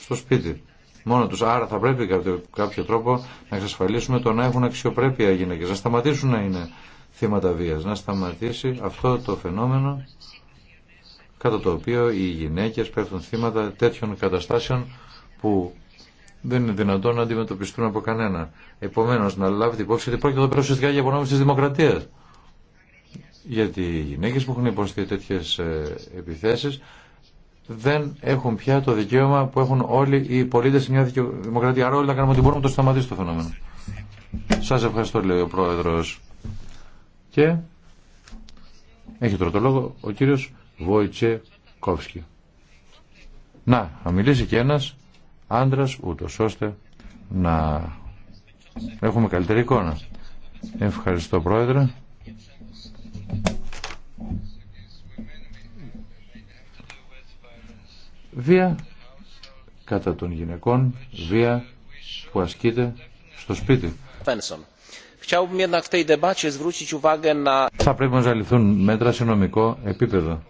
στο σπίτι. Μόνο τους. Άρα θα πρέπει κάποιο, τρόπο να εξασφαλίσουμε το να έχουν αξιοπρέπεια οι γυναίκες, να σταματήσουν να είναι θύματα βίας. Να σταματήσει αυτό το φαινόμενο κατά το οποίο οι γυναίκες πέφτουν θύματα τέτοιων καταστάσεων που δεν είναι δυνατόν να αντιμετωπιστούν από κανένα. Επομένως να λάβετε υπόψη ότι πρόκειται εδώ πέρα ουσιαστικά για υπονόμηση της δημοκρατίας. Γιατί οι γυναίκες που έχουν υποστεί τέτοιες ε, επιθέσεις δεν έχουν πια το δικαίωμα που έχουν όλοι οι πολίτες σε μια δημοκρατία. Άρα όλοι να κάνουμε ό,τι μπορούμε να το σταματήσει το φαινόμενο. Σας ευχαριστώ λέει ο Πρόεδρος. Και έχει τρώτο λόγο ο κύριος Κόφσκι. Να, να μιλήσει και ένας άντρας ούτως ώστε να έχουμε καλύτερη εικόνα. Ευχαριστώ πρόεδρε. Βία κατά των γυναικών, βία που ασκείται στο σπίτι. Φένσον. Θα πρέπει να ζαληθούν μέτρα σε νομικό επίπεδο.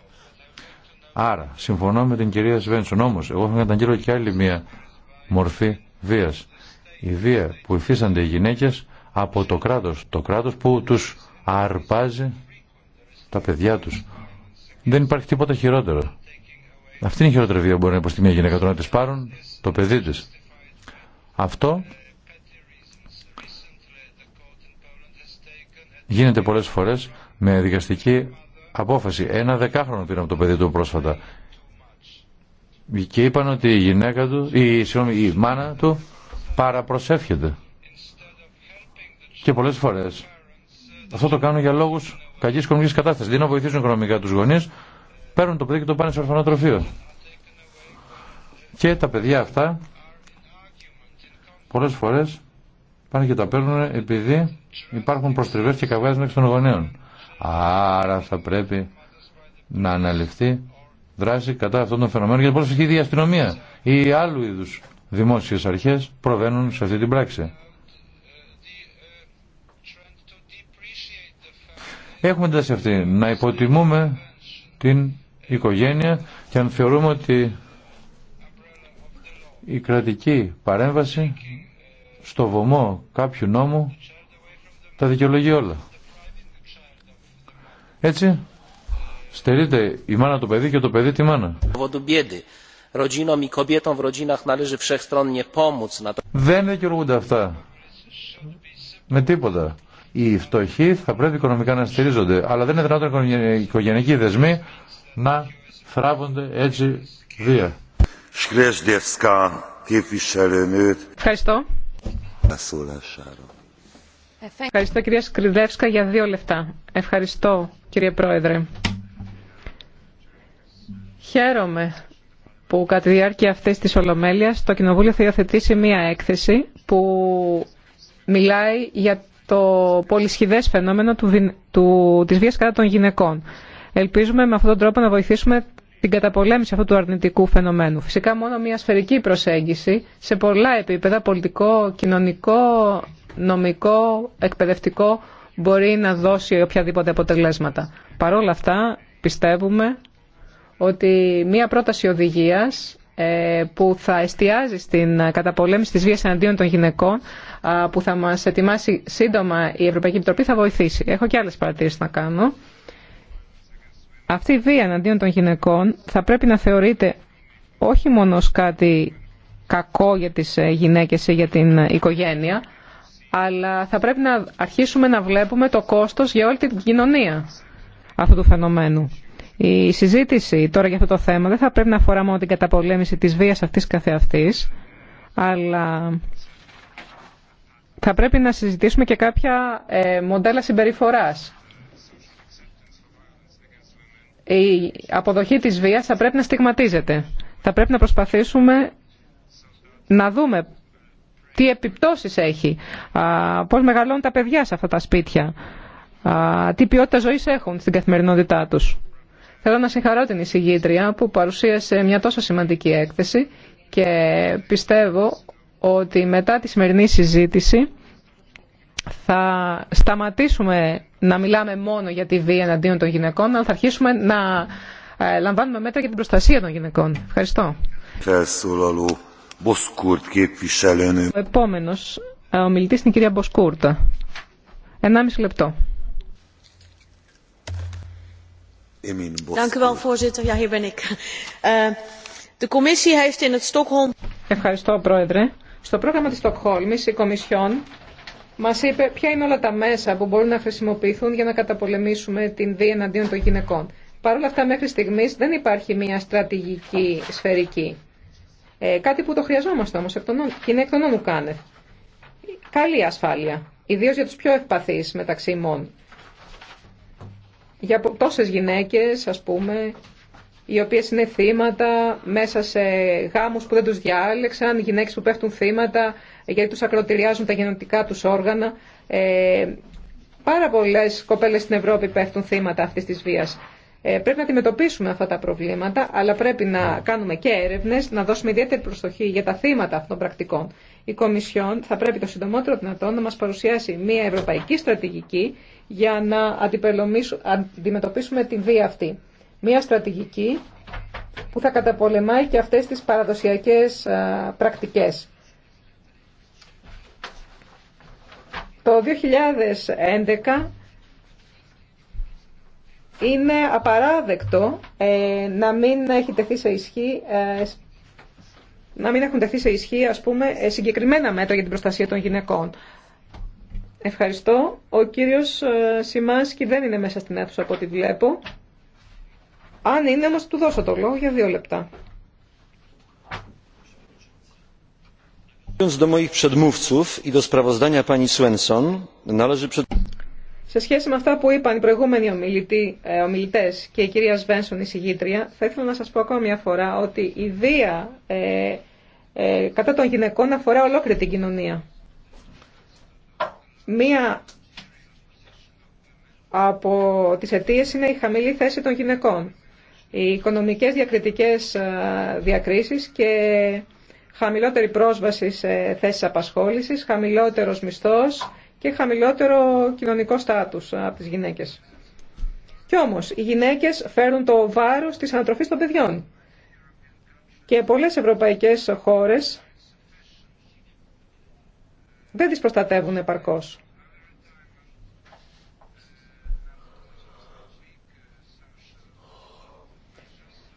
Άρα, συμφωνώ με την κυρία Σβένσον, όμως εγώ θα καταγγείλω και άλλη μία μορφή βίας. Η βία που υφίστανται οι γυναίκες από το κράτος, το κράτος που τους αρπάζει τα παιδιά τους. Δεν υπάρχει τίποτα χειρότερο. Αυτή είναι η χειρότερη βία που μπορεί να υποστεί μια γυναίκα, το να της πάρουν το παιδί της. Αυτό γίνεται πολλές φορές με δικαστική απόφαση. Ένα δεκάχρονο πήραμε από το παιδί του πρόσφατα. Και είπαν ότι η γυναίκα του, η, η μάνα του παραπροσεύχεται. Και πολλές φορές αυτό το κάνουν για λόγους κακής οικονομική κατάστασης. Δεν να βοηθήσουν οικονομικά τους γονείς, παίρνουν το παιδί και το πάνε σε ορφανοτροφείο. Και τα παιδιά αυτά πολλέ φορέ, πάνε και τα παίρνουν επειδή υπάρχουν προστριβές και καβγάδες μέχρι των γονέων. Άρα θα πρέπει να αναλυφθεί δράση κατά αυτόν τον φαινομένων γιατί πώς η αστυνομία ή άλλου είδους δημόσιες αρχές προβαίνουν σε αυτή την πράξη. Έχουμε τάση αυτή να υποτιμούμε την οικογένεια και αν θεωρούμε ότι η κρατική παρέμβαση στο βωμό κάποιου νόμου τα δικαιολογεί όλα. Έτσι, στερείται η μάνα το παιδί και το παιδί τη μάνα. Δεν δικαιολογούνται αυτά. Με τίποτα. Οι φτωχοί θα πρέπει οικονομικά να στηρίζονται, αλλά δεν είναι δυνατόν οι οικογενειακοί δεσμοί να θράβονται έτσι βία. Ευχαριστώ. Eh, Ευχαριστώ κυρία Σκριδεύσκα για δύο λεπτά. Ευχαριστώ κύριε Πρόεδρε. Χαίρομαι που κατά τη διάρκεια αυτής της Ολομέλειας το Κοινοβούλιο θα υιοθετήσει μία έκθεση που μιλάει για το πολυσχηδές φαινόμενο του, του, της βίας κατά των γυναικών. Ελπίζουμε με αυτόν τον τρόπο να βοηθήσουμε την καταπολέμηση αυτού του αρνητικού φαινομένου. Φυσικά μόνο μια σφαιρική προσέγγιση σε πολλά επίπεδα, πολιτικό, κοινωνικό, νομικό, εκπαιδευτικό, μπορεί να δώσει οποιαδήποτε αποτελέσματα. Παρ' όλα αυτά πιστεύουμε ότι μια πρόταση οδηγίας ε, που θα εστιάζει στην καταπολέμηση της βίας εναντίον των γυναικών που θα μας ετοιμάσει σύντομα η Ευρωπαϊκή Επιτροπή θα βοηθήσει. Έχω και άλλες παρατηρήσεις να κάνω. Αυτή η βία εναντίον των γυναικών θα πρέπει να θεωρείται όχι μόνο κάτι κακό για τις ε, γυναίκες ή για την ε, οικογένεια, αλλά θα πρέπει να αρχίσουμε να βλέπουμε το κόστος για όλη την κοινωνία αυτού του φαινομένου. Η συζήτηση τώρα για αυτό το θέμα δεν θα πρέπει να αφορά μόνο την καταπολέμηση της βίας αυτής καθεαυτής, αλλά θα πρέπει να συζητήσουμε και κάποια ε, μοντέλα συμπεριφοράς η αποδοχή της βίας θα πρέπει να στιγματίζεται. Θα πρέπει να προσπαθήσουμε να δούμε τι επιπτώσεις έχει, πώς μεγαλώνουν τα παιδιά σε αυτά τα σπίτια, τι ποιότητα ζωής έχουν στην καθημερινότητά τους. Θέλω να συγχαρώ την εισηγήτρια που παρουσίασε μια τόσο σημαντική έκθεση και πιστεύω ότι μετά τη σημερινή συζήτηση θα σταματήσουμε να μιλάμε μόνο για τη βία εναντίον των γυναικών, αλλά θα αρχίσουμε να ε, λαμβάνουμε μέτρα για την προστασία των γυναικών. Ευχαριστώ. Ο επόμενο ε, είναι η κυρία Μποσκούρτα. λεπτό. Ευχαριστώ, Πρόεδρε. Στο πρόγραμμα της Στοκχόλμης, η Κομισιόν Μα είπε ποια είναι όλα τα μέσα που μπορούν να χρησιμοποιηθούν για να καταπολεμήσουμε την δία εναντίον των γυναικών. Παρ' όλα αυτά μέχρι στιγμής δεν υπάρχει μια στρατηγική σφαιρική. Ε, κάτι που το χρειαζόμαστε όμως, και είναι εκ των όνων Καλή ασφάλεια, Ιδίω για τους πιο ευπαθείς μεταξύ ημών. Για τόσε γυναίκες, α πούμε, οι οποίε είναι θύματα μέσα σε γάμου που δεν του διάλεξαν, γυναίκε που πέφτουν θύματα γιατί τους ακροτηριάζουν τα γενετικά τους όργανα. Ε, πάρα πολλές κοπέλες στην Ευρώπη πέφτουν θύματα αυτής της βίας. Ε, πρέπει να αντιμετωπίσουμε αυτά τα προβλήματα, αλλά πρέπει να κάνουμε και έρευνε, να δώσουμε ιδιαίτερη προσοχή για τα θύματα αυτών των πρακτικών. Η Κομισιόν θα πρέπει το συντομότερο δυνατόν να μα παρουσιάσει μια ευρωπαϊκή στρατηγική για να αντιμετωπίσουμε τη βία αυτή. Μια στρατηγική που θα καταπολεμάει και αυτές τις παραδοσιακές πρακτικές. Το 2011 είναι απαράδεκτο ε, να μην έχει τεθεί σε ε, να μην έχουν τεθεί σε ισχύ, ας πούμε, ε, συγκεκριμένα μέτρα για την προστασία των γυναικών. Ευχαριστώ. Ο κύριος ε, Σιμάσκι δεν είναι μέσα στην αίθουσα από ό,τι βλέπω. Αν είναι όμως του δώσω το λόγο για δύο λεπτά. Σε σχέση με αυτά που είπαν οι προηγούμενοι ε, και η κυρία Σβένσον, η συγγήτρια, θα ήθελα να σας πω ακόμα μια φορά ότι η βία ε, ε, κατά των γυναικών αφορά ολόκληρη την κοινωνία. Μία από τις αιτίε είναι η χαμηλή θέση των γυναικών, οι οικονομικές διακριτικές διακρίσεις και χαμηλότερη πρόσβαση σε θέσεις απασχόληση, χαμηλότερο μισθός και χαμηλότερο κοινωνικό στάτου από τι γυναίκες. Κι όμως, οι γυναίκες φέρουν το βάρο της ανατροφή των παιδιών. Και πολλέ ευρωπαϊκές χώρες δεν τις προστατεύουν επαρκώς.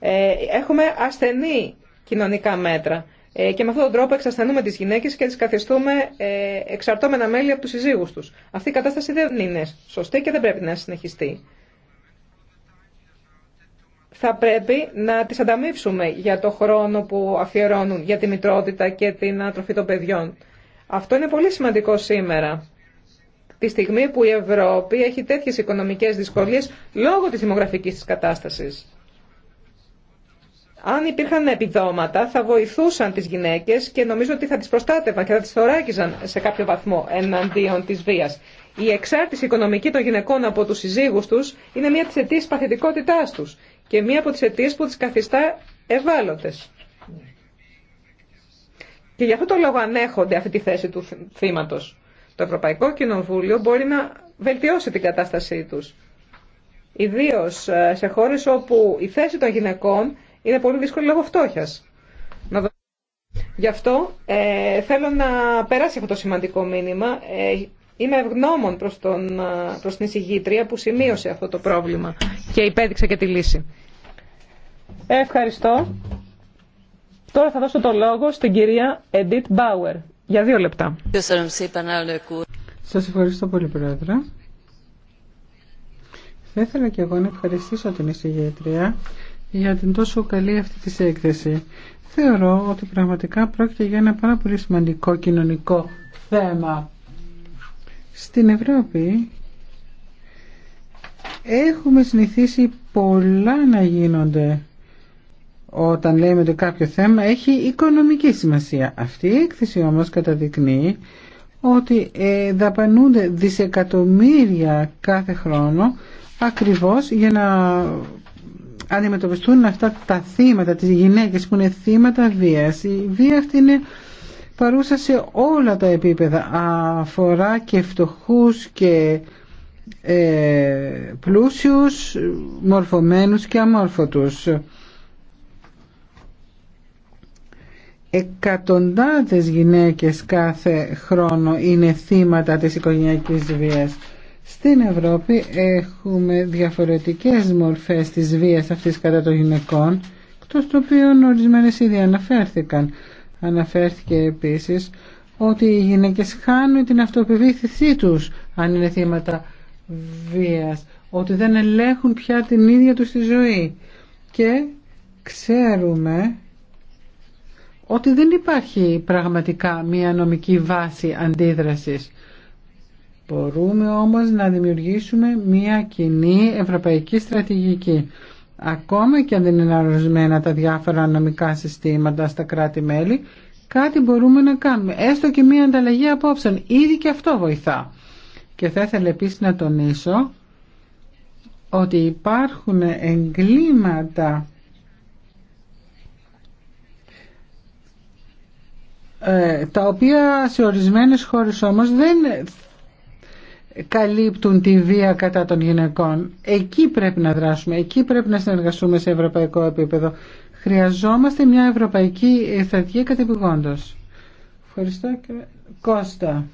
Ε, έχουμε ασθενή κοινωνικά μέτρα. Ε, και με αυτόν τον τρόπο εξασθενούμε τι γυναίκε και τι καθιστούμε ε, εξαρτώμενα μέλη από του συζύγου του. Αυτή η κατάσταση δεν είναι σωστή και δεν πρέπει να συνεχιστεί. Θα πρέπει να τις ανταμείψουμε για το χρόνο που αφιερώνουν για τη μητρότητα και την άτροφη των παιδιών. Αυτό είναι πολύ σημαντικό σήμερα. Τη στιγμή που η Ευρώπη έχει τέτοιες οικονομικές δυσκολίες λόγω της δημογραφικής της κατάστασης αν υπήρχαν επιδόματα θα βοηθούσαν τις γυναίκες και νομίζω ότι θα τις προστάτευαν και θα τις θωράκιζαν σε κάποιο βαθμό εναντίον της βίας. Η εξάρτηση οικονομική των γυναικών από τους συζύγους τους είναι μία από τις παθητικότητάς τους και μία από τις αιτίες που τις καθιστά ευάλωτες. Και γι' αυτό το λόγο ανέχονται αυτή τη θέση του θύματος. Το Ευρωπαϊκό Κοινοβούλιο μπορεί να βελτιώσει την κατάστασή τους. Ιδίως ε, σε χώρες όπου η θέση των γυναικών είναι πολύ δύσκολη λόγω φτώχεια. Γι' αυτό ε, θέλω να περάσει αυτό το σημαντικό μήνυμα. Ε, είμαι ευγνώμων προς, τον, ε, προς την εισηγήτρια που σημείωσε αυτό το πρόβλημα και υπέδειξε και τη λύση. Ευχαριστώ. Τώρα θα δώσω το λόγο στην κυρία Εντίτ Μπάουερ για δύο λεπτά. Σας ευχαριστώ πολύ Πρόεδρε. Θα ήθελα και εγώ να ευχαριστήσω την εισηγήτρια για την τόσο καλή αυτή τη έκθεση. Θεωρώ ότι πραγματικά πρόκειται για ένα πάρα πολύ σημαντικό κοινωνικό θέμα. Στην Ευρώπη έχουμε συνηθίσει πολλά να γίνονται. Όταν λέμε ότι κάποιο θέμα έχει οικονομική σημασία. Αυτή η έκθεση όμως καταδεικνύει ότι ε, δαπανούνται δισεκατομμύρια κάθε χρόνο ακριβώς για να αντιμετωπιστούν αυτά τα θύματα, τις γυναίκες που είναι θύματα βίας. Η βία αυτή είναι όλα τα επίπεδα. Αφορά και φτωχούς και ε, πλούσιους, μορφωμένους και αμόρφωτους. Εκατοντάδες γυναίκες κάθε χρόνο είναι θύματα της οικογενειακής βίας. Στην Ευρώπη έχουμε διαφορετικές μορφές της βίας αυτής κατά των γυναικών, εκτός των οποίων ορισμένες ήδη αναφέρθηκαν. Αναφέρθηκε επίσης ότι οι γυναίκες χάνουν την αυτοπεποίθησή τους αν είναι θύματα βίας, ότι δεν ελέγχουν πια την ίδια τους τη ζωή. Και ξέρουμε ότι δεν υπάρχει πραγματικά μια νομική βάση αντίδρασης. Μπορούμε όμως να δημιουργήσουμε μια κοινή ευρωπαϊκή στρατηγική. Ακόμα και αν δεν είναι αρρωσμένα τα διάφορα νομικά συστήματα στα κράτη-μέλη, κάτι μπορούμε να κάνουμε. Έστω και μια ανταλλαγή απόψεων. Ήδη και αυτό βοηθά. Και θα ήθελα επίσης να τονίσω ότι υπάρχουν εγκλήματα ε, τα οποία σε ορισμένες χώρες όμως δεν καλύπτουν τη βία κατά των γυναικών. Εκεί πρέπει να δράσουμε, εκεί πρέπει να συνεργαστούμε σε ευρωπαϊκό επίπεδο. Χρειαζόμαστε μια ευρωπαϊκή στρατηγία κατεπηγόντως. Ευχαριστώ και Κώστα.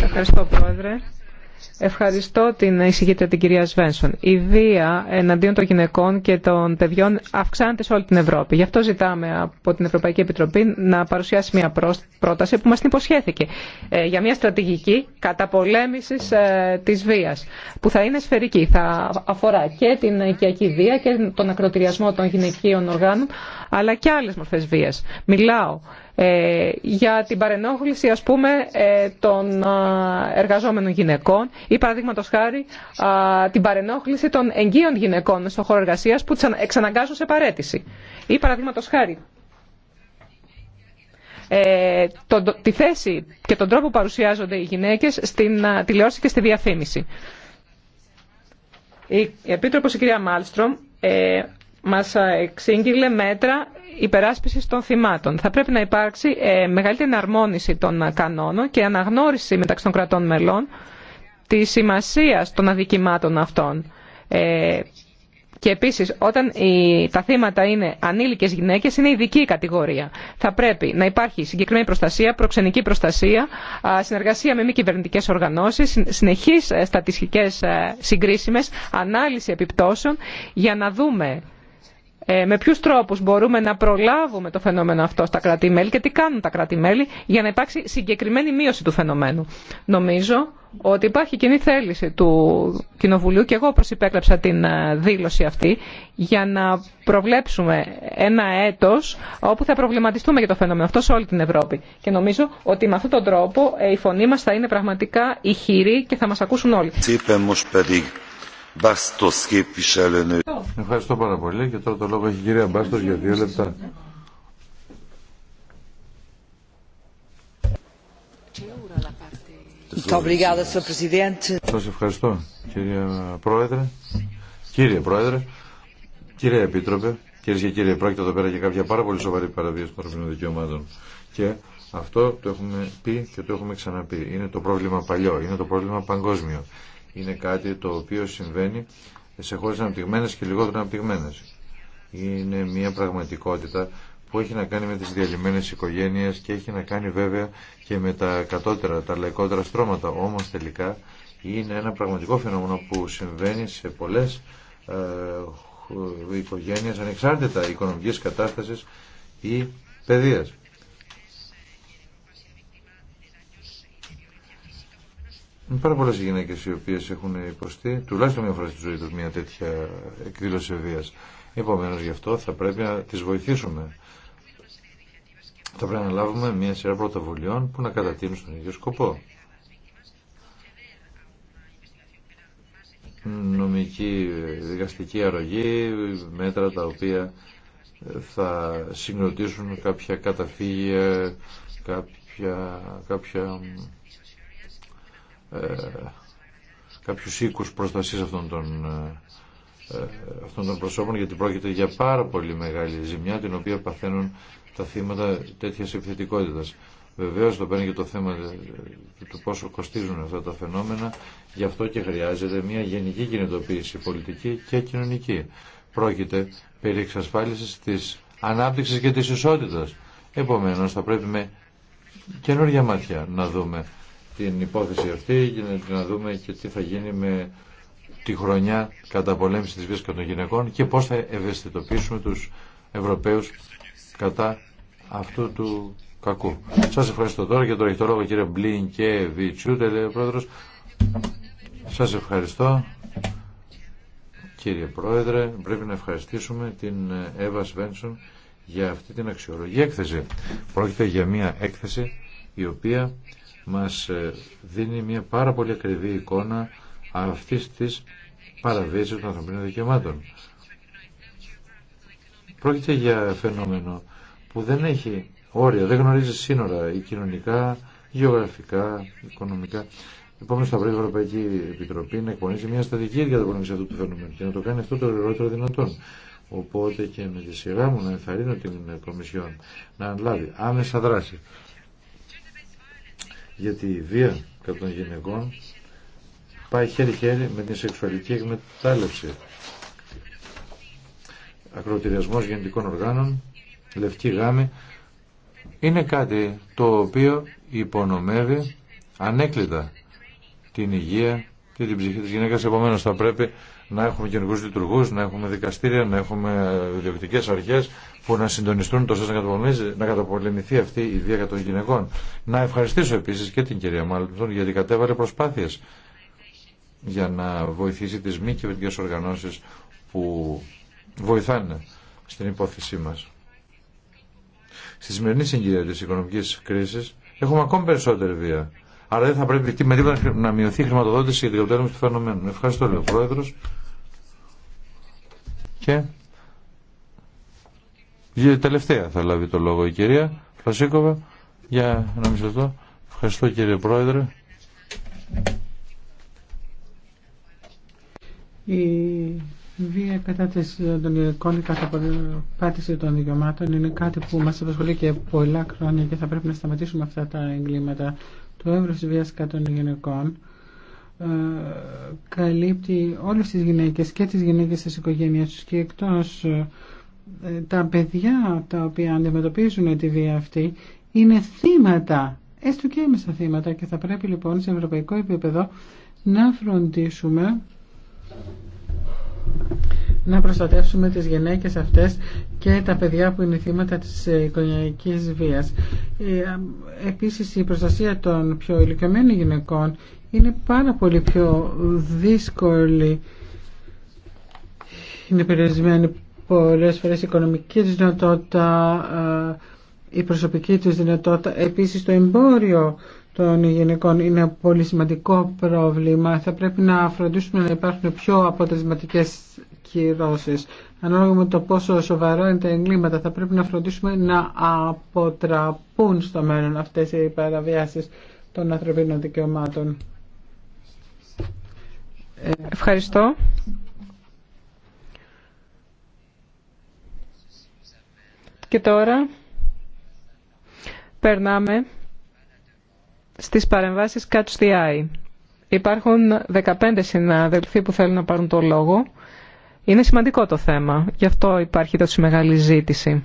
Ευχαριστώ Πρόεδρε. Ευχαριστώ την εισηγήτρια την κυρία Σβένσον. Η βία εναντίον των γυναικών και των παιδιών αυξάνεται σε όλη την Ευρώπη. Γι' αυτό ζητάμε από την Ευρωπαϊκή Επιτροπή να παρουσιάσει μια πρόταση που μας την υποσχέθηκε ε, για μια στρατηγική καταπολέμησης ε, της βίας που θα είναι σφαιρική. Θα αφορά και την οικιακή βία και τον ακροτηριασμό των γυναικείων οργάνων αλλά και άλλες μορφές βίας. Μιλάω ε, για την παρενόχληση ας πούμε ε, των εργαζόμενων γυναικών ή παραδείγματο χάρη την παρενόχληση των εγγύων γυναικών στον χώρο εργασία που τις εξαναγκάζουν σε παρέτηση ή παραδείγματο χάρη ε, τη θέση και τον τρόπο που παρουσιάζονται οι γυναίκες στην τηλεόραση και στη διαφήμιση. Η Επίτροπος η κυρία Μάλστρομ μας εξήγηλε μέτρα υπεράσπισης των θυμάτων. Θα πρέπει να υπάρξει ε, μεγαλύτερη εναρμόνιση των κανόνων και αναγνώριση μεταξύ των κρατών μελών τη σημασία των αδικημάτων αυτών. Ε, και επίσης όταν τα θύματα είναι ανήλικες γυναίκες είναι ειδική κατηγορία. Θα πρέπει να υπάρχει συγκεκριμένη προστασία, προξενική προστασία, συνεργασία με μη κυβερνητικέ οργανώσει, συνεχείς ε, στατιστικέ συγκρίσιμε, ανάλυση επιπτώσεων για να δούμε ε, με ποιου τρόπου μπορούμε να προλάβουμε το φαινόμενο αυτό στα κράτη-μέλη και τι κάνουν τα κράτη-μέλη για να υπάρξει συγκεκριμένη μείωση του φαινομένου. Νομίζω ότι υπάρχει κοινή θέληση του Κοινοβουλίου και εγώ προσυπέκλεψα την ε, δήλωση αυτή για να προβλέψουμε ένα έτος όπου θα προβληματιστούμε για το φαινόμενο αυτό σε όλη την Ευρώπη. Και νομίζω ότι με αυτόν τον τρόπο ε, η φωνή μας θα είναι πραγματικά ηχηρή και θα μας ακούσουν όλοι. Ευχαριστώ πάρα πολύ και τώρα το λόγο έχει η κυρία Μπάστος για δύο λεπτά. Σα ευχαριστώ κύριε Πρόεδρε, κύριε Πρόεδρε, κύριε Επίτροπε, κυρίε και κύριοι, πρόκειται εδώ πέρα για κάποια πάρα πολύ σοβαρή παραβίαση των ανθρωπίνων δικαιωμάτων. Και αυτό το έχουμε πει και το έχουμε ξαναπεί. Είναι το πρόβλημα παλιό, είναι το πρόβλημα παγκόσμιο είναι κάτι το οποίο συμβαίνει σε χώρες αναπτυγμένες και λιγότερο αναπτυγμένες. Είναι μια πραγματικότητα που έχει να κάνει με τις διαλυμένες οικογένειες και έχει να κάνει βέβαια και με τα κατώτερα, τα λαϊκότερα στρώματα. Όμως τελικά είναι ένα πραγματικό φαινόμενο που συμβαίνει σε πολλές οικογένειε οικογένειες ανεξάρτητα οικονομικής κατάστασης ή παιδείας. Είναι πάρα πολλέ οι γυναίκε οι οποίε έχουν υποστεί τουλάχιστον μια φορά στη ζωή του μια τέτοια εκδήλωση βία. Επομένω γι' αυτό θα πρέπει να τι βοηθήσουμε. Θα πρέπει να λάβουμε μια σειρά πρωτοβουλειών που να κατατείνουν στον ίδιο σκοπό. Νομική, δικαστική αρρωγή, μέτρα τα οποία θα συγκροτήσουν κάποια καταφύγια, κάποια, κάποια ε, κάποιους οίκους προστασίας αυτών των, ε, ε, αυτών των προσώπων γιατί πρόκειται για πάρα πολύ μεγάλη ζημιά την οποία παθαίνουν τα θύματα τέτοιας επιθετικότητας. Βεβαίως το παίρνει και το θέμα του πόσο κοστίζουν αυτά τα φαινόμενα, γι' αυτό και χρειάζεται μια γενική κινητοποίηση πολιτική και κοινωνική. Πρόκειται περί εξασφάλισης της ανάπτυξης και της ισότητας. Επομένως θα πρέπει με καινούργια μάτια να δούμε την υπόθεση αυτή για να δούμε και τι θα γίνει με τη χρονιά κατά πολέμηση της βίας των γυναικών και πώς θα ευαισθητοποιήσουμε τους Ευρωπαίους κατά αυτού του κακού. Σας ευχαριστώ τώρα και το κύριε Μπλίν και Βίτσου. Πρόεδρος. Σας ευχαριστώ. Κύριε Πρόεδρε, πρέπει να ευχαριστήσουμε την Εύα για αυτή την αξιολογική έκθεση. Πρόκειται για μια έκθεση η οποία μας ε, δίνει μια πάρα πολύ ακριβή εικόνα αυτής της παραβίασης των ανθρωπίνων δικαιωμάτων. Πρόκειται για φαινόμενο που δεν έχει όρια, δεν γνωρίζει σύνορα ή κοινωνικά, γεωγραφικά, οικονομικά. Επομένω, θα πρέπει η κοινωνικα γεωγραφικα οικονομικα Επόμενο θα Επιτροπή να εκπονήσει μια στατική διαδικασία αυτού του φαινομένου και να το κάνει αυτό το γρηγορότερο δυνατόν. Οπότε και με τη σειρά μου να ενθαρρύνω την Κομισιόν να ανλάβει άμεσα δράση γιατί η βία κατά των γυναικών πάει χέρι-χέρι με την σεξουαλική εκμετάλλευση. Ακροτηριασμός γεννητικών οργάνων, λευκή γάμη, είναι κάτι το οποίο υπονομεύει ανέκλητα την υγεία και την ψυχή της γυναίκας. Επομένως θα πρέπει να έχουμε γενικού λειτουργού, να έχουμε δικαστήρια, να έχουμε διοικητικέ αρχέ που να συντονιστούν τόσο να καταπολεμηθεί αυτή η βία κατά των γυναικών. Να ευχαριστήσω επίση και την κυρία Μάλτον γιατί κατέβαλε προσπάθειε για να βοηθήσει τι μη κυβερνητικέ οργανώσει που βοηθάνε στην υπόθεσή μα. Στη σημερινή συγκυρία τη οικονομική κρίση έχουμε ακόμη περισσότερη βία Άρα δεν θα πρέπει με τίποτα να μειωθεί η χρηματοδότηση για την κατέληξη του φαινομένου. Ευχαριστώ, λέει ο Πρόεδρο. Και. τελευταία θα λάβει το λόγο η κυρία Φασίκοβα. Για ένα μισό λεπτό. Ευχαριστώ, κύριε Πρόεδρε. Η βία κατά της των την πάτηση των δικαιωμάτων είναι κάτι που μας απασχολεί και πολλά χρόνια και θα πρέπει να σταματήσουμε αυτά τα εγκλήματα το έβρος βίας κατά των γυναικών ε, καλύπτει όλες τις γυναίκες και τις γυναίκες της οικογένειας τους και εκτός ε, τα παιδιά τα οποία αντιμετωπίζουν τη βία αυτή είναι θύματα, έστω και έμεσα θύματα και θα πρέπει λοιπόν σε ευρωπαϊκό επίπεδο να φροντίσουμε να προστατεύσουμε τις γυναίκες αυτές και τα παιδιά που είναι θύματα της ε, οικογενειακής βίας. Ε, επίσης η προστασία των πιο ηλικιωμένων γυναικών είναι πάρα πολύ πιο δύσκολη. Είναι περιορισμένη πολλές φορές η οικονομική της δυνατότητα, ε, η προσωπική της δυνατότητα. Επίσης το εμπόριο των γυναικών είναι πολύ σημαντικό πρόβλημα. Θα πρέπει να φροντίσουμε να υπάρχουν πιο αποτελεσματικές κυρώσεις. Ανάλογα με το πόσο σοβαρό είναι τα εγκλήματα θα πρέπει να φροντίσουμε να αποτραπούν στο μέλλον αυτές οι παραβιάσεις των ανθρωπίνων δικαιωμάτων. Ε, Ευχαριστώ. Και τώρα περνάμε στις παρεμβάσεις Catch the Eye. Υπάρχουν 15 συναδελφοί που θέλουν να πάρουν το λόγο. Είναι σημαντικό το θέμα, γι' αυτό υπάρχει τόσο μεγάλη ζήτηση.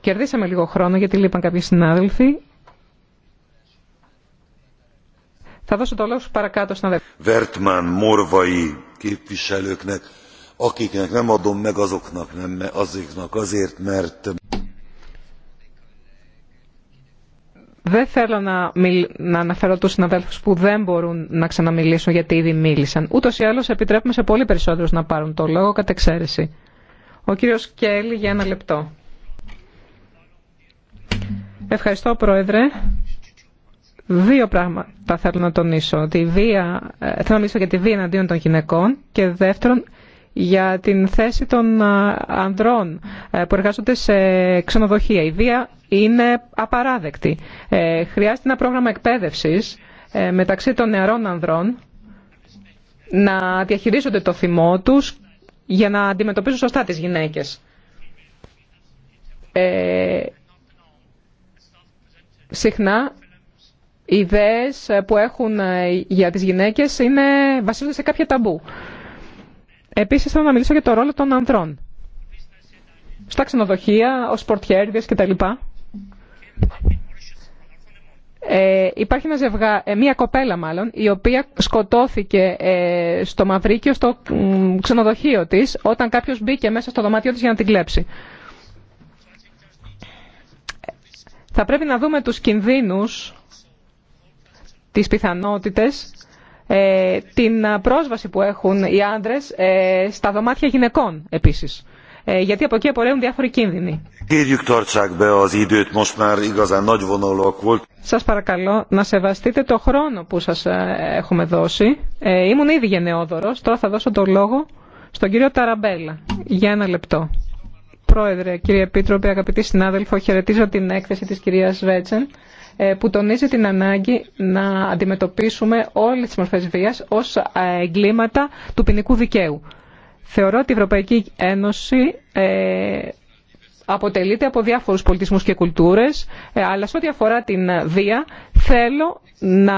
Κερδίσαμε λίγο χρόνο γιατί λείπαν κάποιοι συνάδελφοι. Θα δώσω το λόγο παρακάτω στην αδερφή. Δεν θέλω να, να αναφέρω τους συναδέλφους που δεν μπορούν να ξαναμιλήσουν γιατί ήδη μίλησαν. Ούτως ή άλλως επιτρέπουμε σε πολύ περισσότερους να πάρουν το λόγο κατ' εξαίρεση. Ο κύριος Κέλλη για ένα λεπτό. Ευχαριστώ Πρόεδρε. Δύο πράγματα θέλω να τονίσω. Τη βία, ε, θέλω να μιλήσω για τη βία εναντίον των γυναικών και δεύτερον για την θέση των ανδρών ε, που εργάζονται σε ξενοδοχεία. Η βία είναι απαράδεκτη. Ε, χρειάζεται ένα πρόγραμμα εκπαίδευσης ε, μεταξύ των νεαρών ανδρών να διαχειρίζονται το θυμό τους για να αντιμετωπίζουν σωστά τις γυναίκες. Ε, συχνά οι ιδέες που έχουν για τις γυναίκες είναι, βασίζονται σε κάποια ταμπού. Επίσης θέλω να μιλήσω για το ρόλο των ανδρών. Στα ξενοδοχεία, ως πορτιέρδε κτλ. Ε, υπάρχει ζευγά, ε, μία κοπέλα μάλλον, η οποία σκοτώθηκε ε, στο Μαυρίκιο, στο ξενοδοχείο της, όταν κάποιος μπήκε μέσα στο δωμάτιο της για να την κλέψει. Θα πρέπει να δούμε τους κινδύνους, τις πιθανότητες ε, την πρόσβαση που έχουν οι άνδρες ε, στα δωμάτια γυναικών επίσης. Ε, γιατί από εκεί απορρέουν διάφοροι κίνδυνοι. Σας παρακαλώ να σεβαστείτε το χρόνο που σας έχουμε δώσει. Ήμουν ήδη γενναιόδωρος, τώρα θα δώσω το λόγο στον κύριο Ταραμπέλα για ένα λεπτό. Πρόεδρε, κύριε Επίτροπε, αγαπητοί συνάδελφο, χαιρετίζω την έκθεση της κυρίας Βέτσεν ε, που τονίζει την ανάγκη να αντιμετωπίσουμε όλες τις μορφές βίας ως ε, εγκλήματα του ποινικού δικαίου. Θεωρώ ότι η Ευρωπαϊκή Ένωση ε, αποτελείται από διάφορους πολιτισμούς και κουλτούρες, αλλά σε ό,τι αφορά την βία θέλω να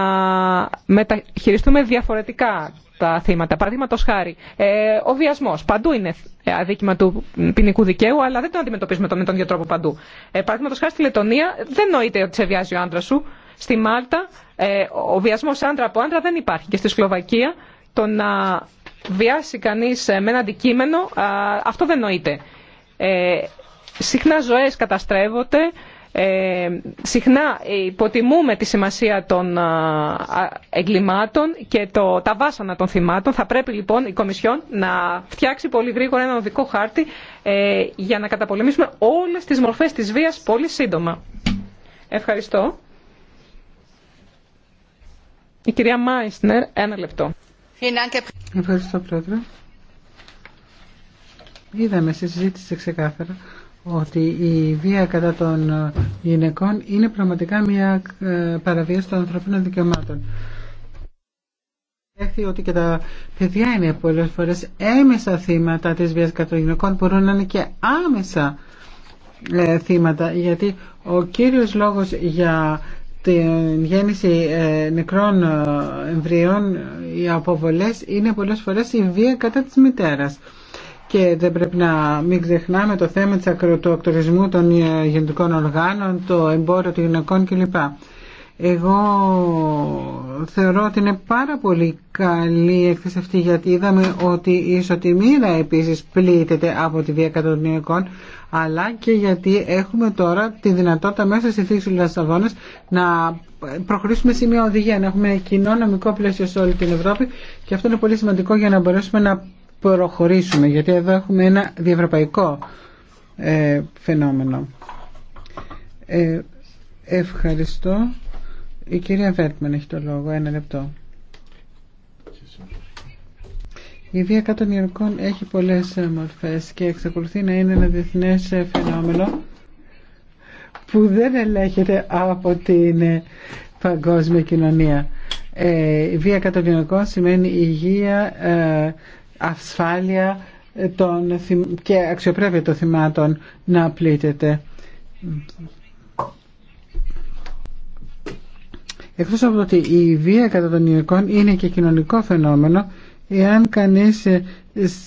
μεταχειριστούμε διαφορετικά τα θύματα. Παραδείγματο χάρη, ε, ο βιασμό. Παντού είναι αδίκημα του ποινικού δικαίου, αλλά δεν τον αντιμετωπίζουμε με τον ίδιο τρόπο παντού. Ε, Παραδείγματο χάρη, στη Λετωνία δεν νοείται ότι σε βιάζει ο άντρα σου. Στη Μάλτα, ε, ο βιασμό άντρα από άντρα δεν υπάρχει. Και στη Σλοβακία, το να βιάσει κανεί ε, με ένα αντικείμενο, αυτό δεν νοείται. συχνά ζωέ καταστρέφονται, ε, συχνά υποτιμούμε τη σημασία των εγκλημάτων και το, τα βάσανα των θυμάτων. Θα πρέπει λοιπόν η Κομισιόν να φτιάξει πολύ γρήγορα ένα οδικό χάρτη ε, για να καταπολεμήσουμε όλες τις μορφές της βίας πολύ σύντομα. Ευχαριστώ. Η κυρία Μάισνερ, ένα λεπτό. Ευχαριστώ, Πρόεδρε. Είδαμε στη συζήτηση ξεκάθαρα ότι η βία κατά των γυναικών είναι πραγματικά μια ε, παραβίαση των ανθρωπίνων δικαιωμάτων. Έχει ότι και τα παιδιά είναι πολλές φορές έμεσα θύματα της βίας κατά των γυναικών, μπορούν να είναι και άμεσα ε, θύματα, γιατί ο κύριος λόγος για την γέννηση ε, νεκρών εμβριών, οι αποβολές είναι πολλές φορές η βία κατά της μητέρας και δεν πρέπει να μην ξεχνάμε το θέμα της ακροτοκτορισμού των ε, γενικών οργάνων, το εμπόριο των γυναικών κλπ. Εγώ θεωρώ ότι είναι πάρα πολύ καλή η έκθεση αυτή γιατί είδαμε ότι η ισοτιμία επίσης πλήττεται από τη βία κατά των γυναικών αλλά και γιατί έχουμε τώρα τη δυνατότητα μέσα στη του Λασσαβόνας να προχωρήσουμε σε μια οδηγία, να έχουμε κοινό νομικό πλαίσιο σε όλη την Ευρώπη και αυτό είναι πολύ σημαντικό για να μπορέσουμε να προχωρήσουμε γιατί εδώ έχουμε ένα διευρωπαϊκό ε, φαινόμενο. Ε, ευχαριστώ. Η κυρία Βέρτμαν έχει το λόγο. Ένα λεπτό. Η βία κατά των έχει πολλές ε, μορφές και εξακολουθεί να είναι ένα διεθνές φαινόμενο που δεν ελέγχεται από την παγκόσμια κοινωνία. Η βία κατά των σημαίνει υγεία, ασφάλεια των, και αξιοπρέπεια των θυμάτων να πλήττεται. Εκτός από το ότι η βία κατά των ιερικών είναι και κοινωνικό φαινόμενο, εάν κανείς ε,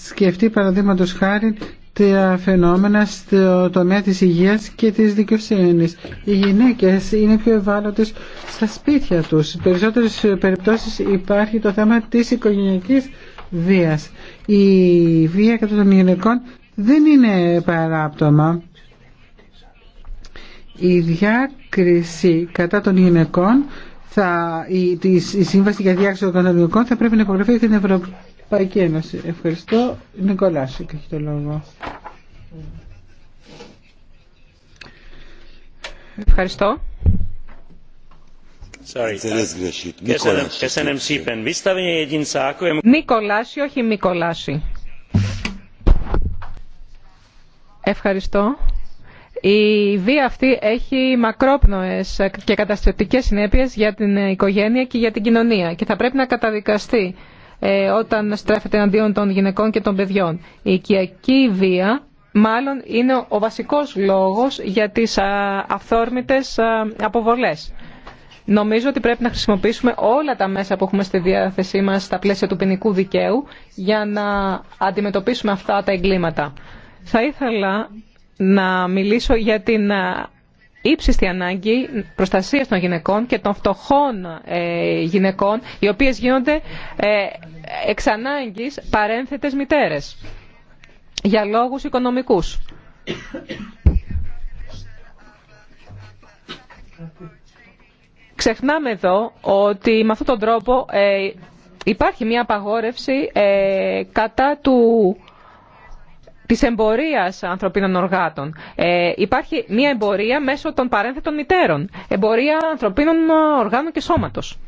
σκεφτεί παραδείγματος χάρη τα φαινόμενα στο τομέα της υγείας και της δικαιοσύνης. Οι γυναίκες είναι πιο ευάλωτες στα σπίτια τους. Σε περισσότερες περιπτώσεις υπάρχει το θέμα της οικογενειακής βίας. Η βία κατά των γυναικών δεν είναι παράπτωμα. Η διάκριση κατά των γυναικών θα, η, η, η σύμβαση για διάκριση των γυναικών θα πρέπει να υπογραφεί και την Ευρωπαϊκή Ένωση. Ευχαριστώ. Νικολάσικ έχει το λόγο. Ευχαριστώ. Νικολάση, όχι Μικολάση. Ευχαριστώ. Η βία αυτή έχει μακρόπνοες και καταστρεπτικές συνέπειες για την οικογένεια και για την κοινωνία και θα πρέπει να καταδικαστεί ε, όταν στρέφεται αντίον των γυναικών και των παιδιών. Η οικιακή βία μάλλον είναι ο βασικός λόγος για τις αυθόρμητες αποβολές. Νομίζω ότι πρέπει να χρησιμοποιήσουμε όλα τα μέσα που έχουμε στη διάθεσή μας στα πλαίσια του ποινικού δικαίου για να αντιμετωπίσουμε αυτά τα εγκλήματα. Θα ήθελα να μιλήσω για την ε, ύψιστη ανάγκη προστασίας των γυναικών και των φτωχών ε, γυναικών οι οποίες γίνονται ε, εξ ανάγκης παρένθετες μητέρες για λόγους οικονομικούς. Ξεχνάμε εδώ ότι με αυτόν τον τρόπο ε, υπάρχει μια απαγόρευση ε, κατά του της εμπορίας ανθρωπίνων οργάτων. Ε, υπάρχει μια εμπορία μέσω των παρένθετων μητέρων. Εμπορία ανθρωπίνων οργάνων και σώματος.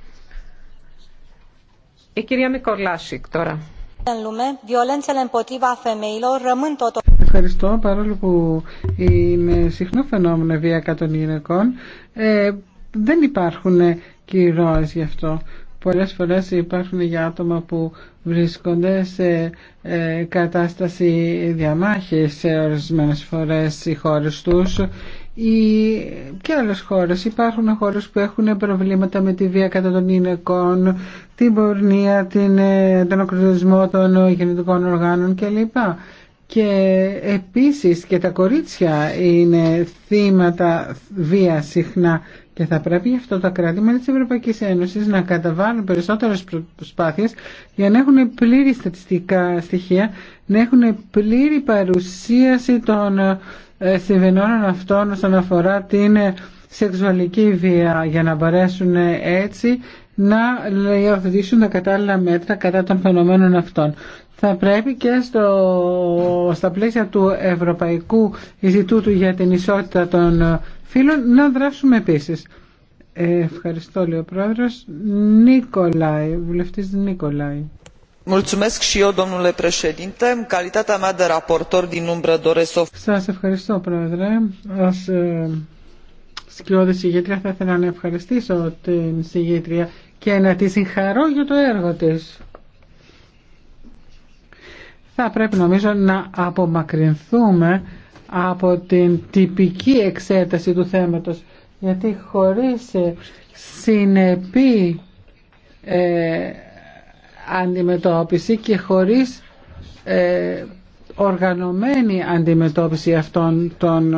Η κυρία Μικολάσικ τώρα. Ευχαριστώ. Παρόλο που είναι συχνό φαινόμενο βία κατά των γυναικών, δεν υπάρχουν κυρώες γι' αυτό. Πολλές φορές υπάρχουν για άτομα που βρίσκονται σε ε, κατάσταση διαμάχης σε ορισμένες φορές οι χώρες τους ή και άλλες χώρες. Υπάρχουν χώρες που έχουν προβλήματα με τη βία κατά των γυναικών, την πορνεία, την, ε, τον ακροτισμό των γεννητικών οργάνων κλπ. Και επίσης και τα κορίτσια είναι θύματα βία συχνά και θα πρέπει αυτό τα κράτη της Ευρωπαϊκής Ένωσης να καταβάλουν περισσότερες προσπάθειες για να έχουν πλήρη στατιστικά στοιχεία, να έχουν πλήρη παρουσίαση των ε, συμβενών αυτών όσον αφορά την ε, σεξουαλική βία για να μπορέσουν έτσι να υιοθετήσουν τα κατάλληλα μέτρα κατά των φαινομένων αυτών. Θα πρέπει και στο, στα πλαίσια του Ευρωπαϊκού Ινστιτούτου για την Ισότητα των ε, φίλων να δράσουμε επίσης. Ε, ευχαριστώ, λέει ο πρόεδρος. Νίκολαη, βουλευτής Νίκολαη. Mulțumesc și eu, domnule președinte. În calitatea mea de raportor din umbră doresc să... Σας ευχαριστώ, πρόεδρε. Ως ε, σκιώδη συγγήτρια θα ήθελα να ευχαριστήσω την συγγήτρια και να τη συγχαρώ για το έργο της. Θα πρέπει νομίζω να απομακρυνθούμε από την τυπική εξέταση του θέματος γιατί χωρίς ε, συνεπή ε, αντιμετώπιση και χωρίς ε, οργανωμένη αντιμετώπιση αυτών των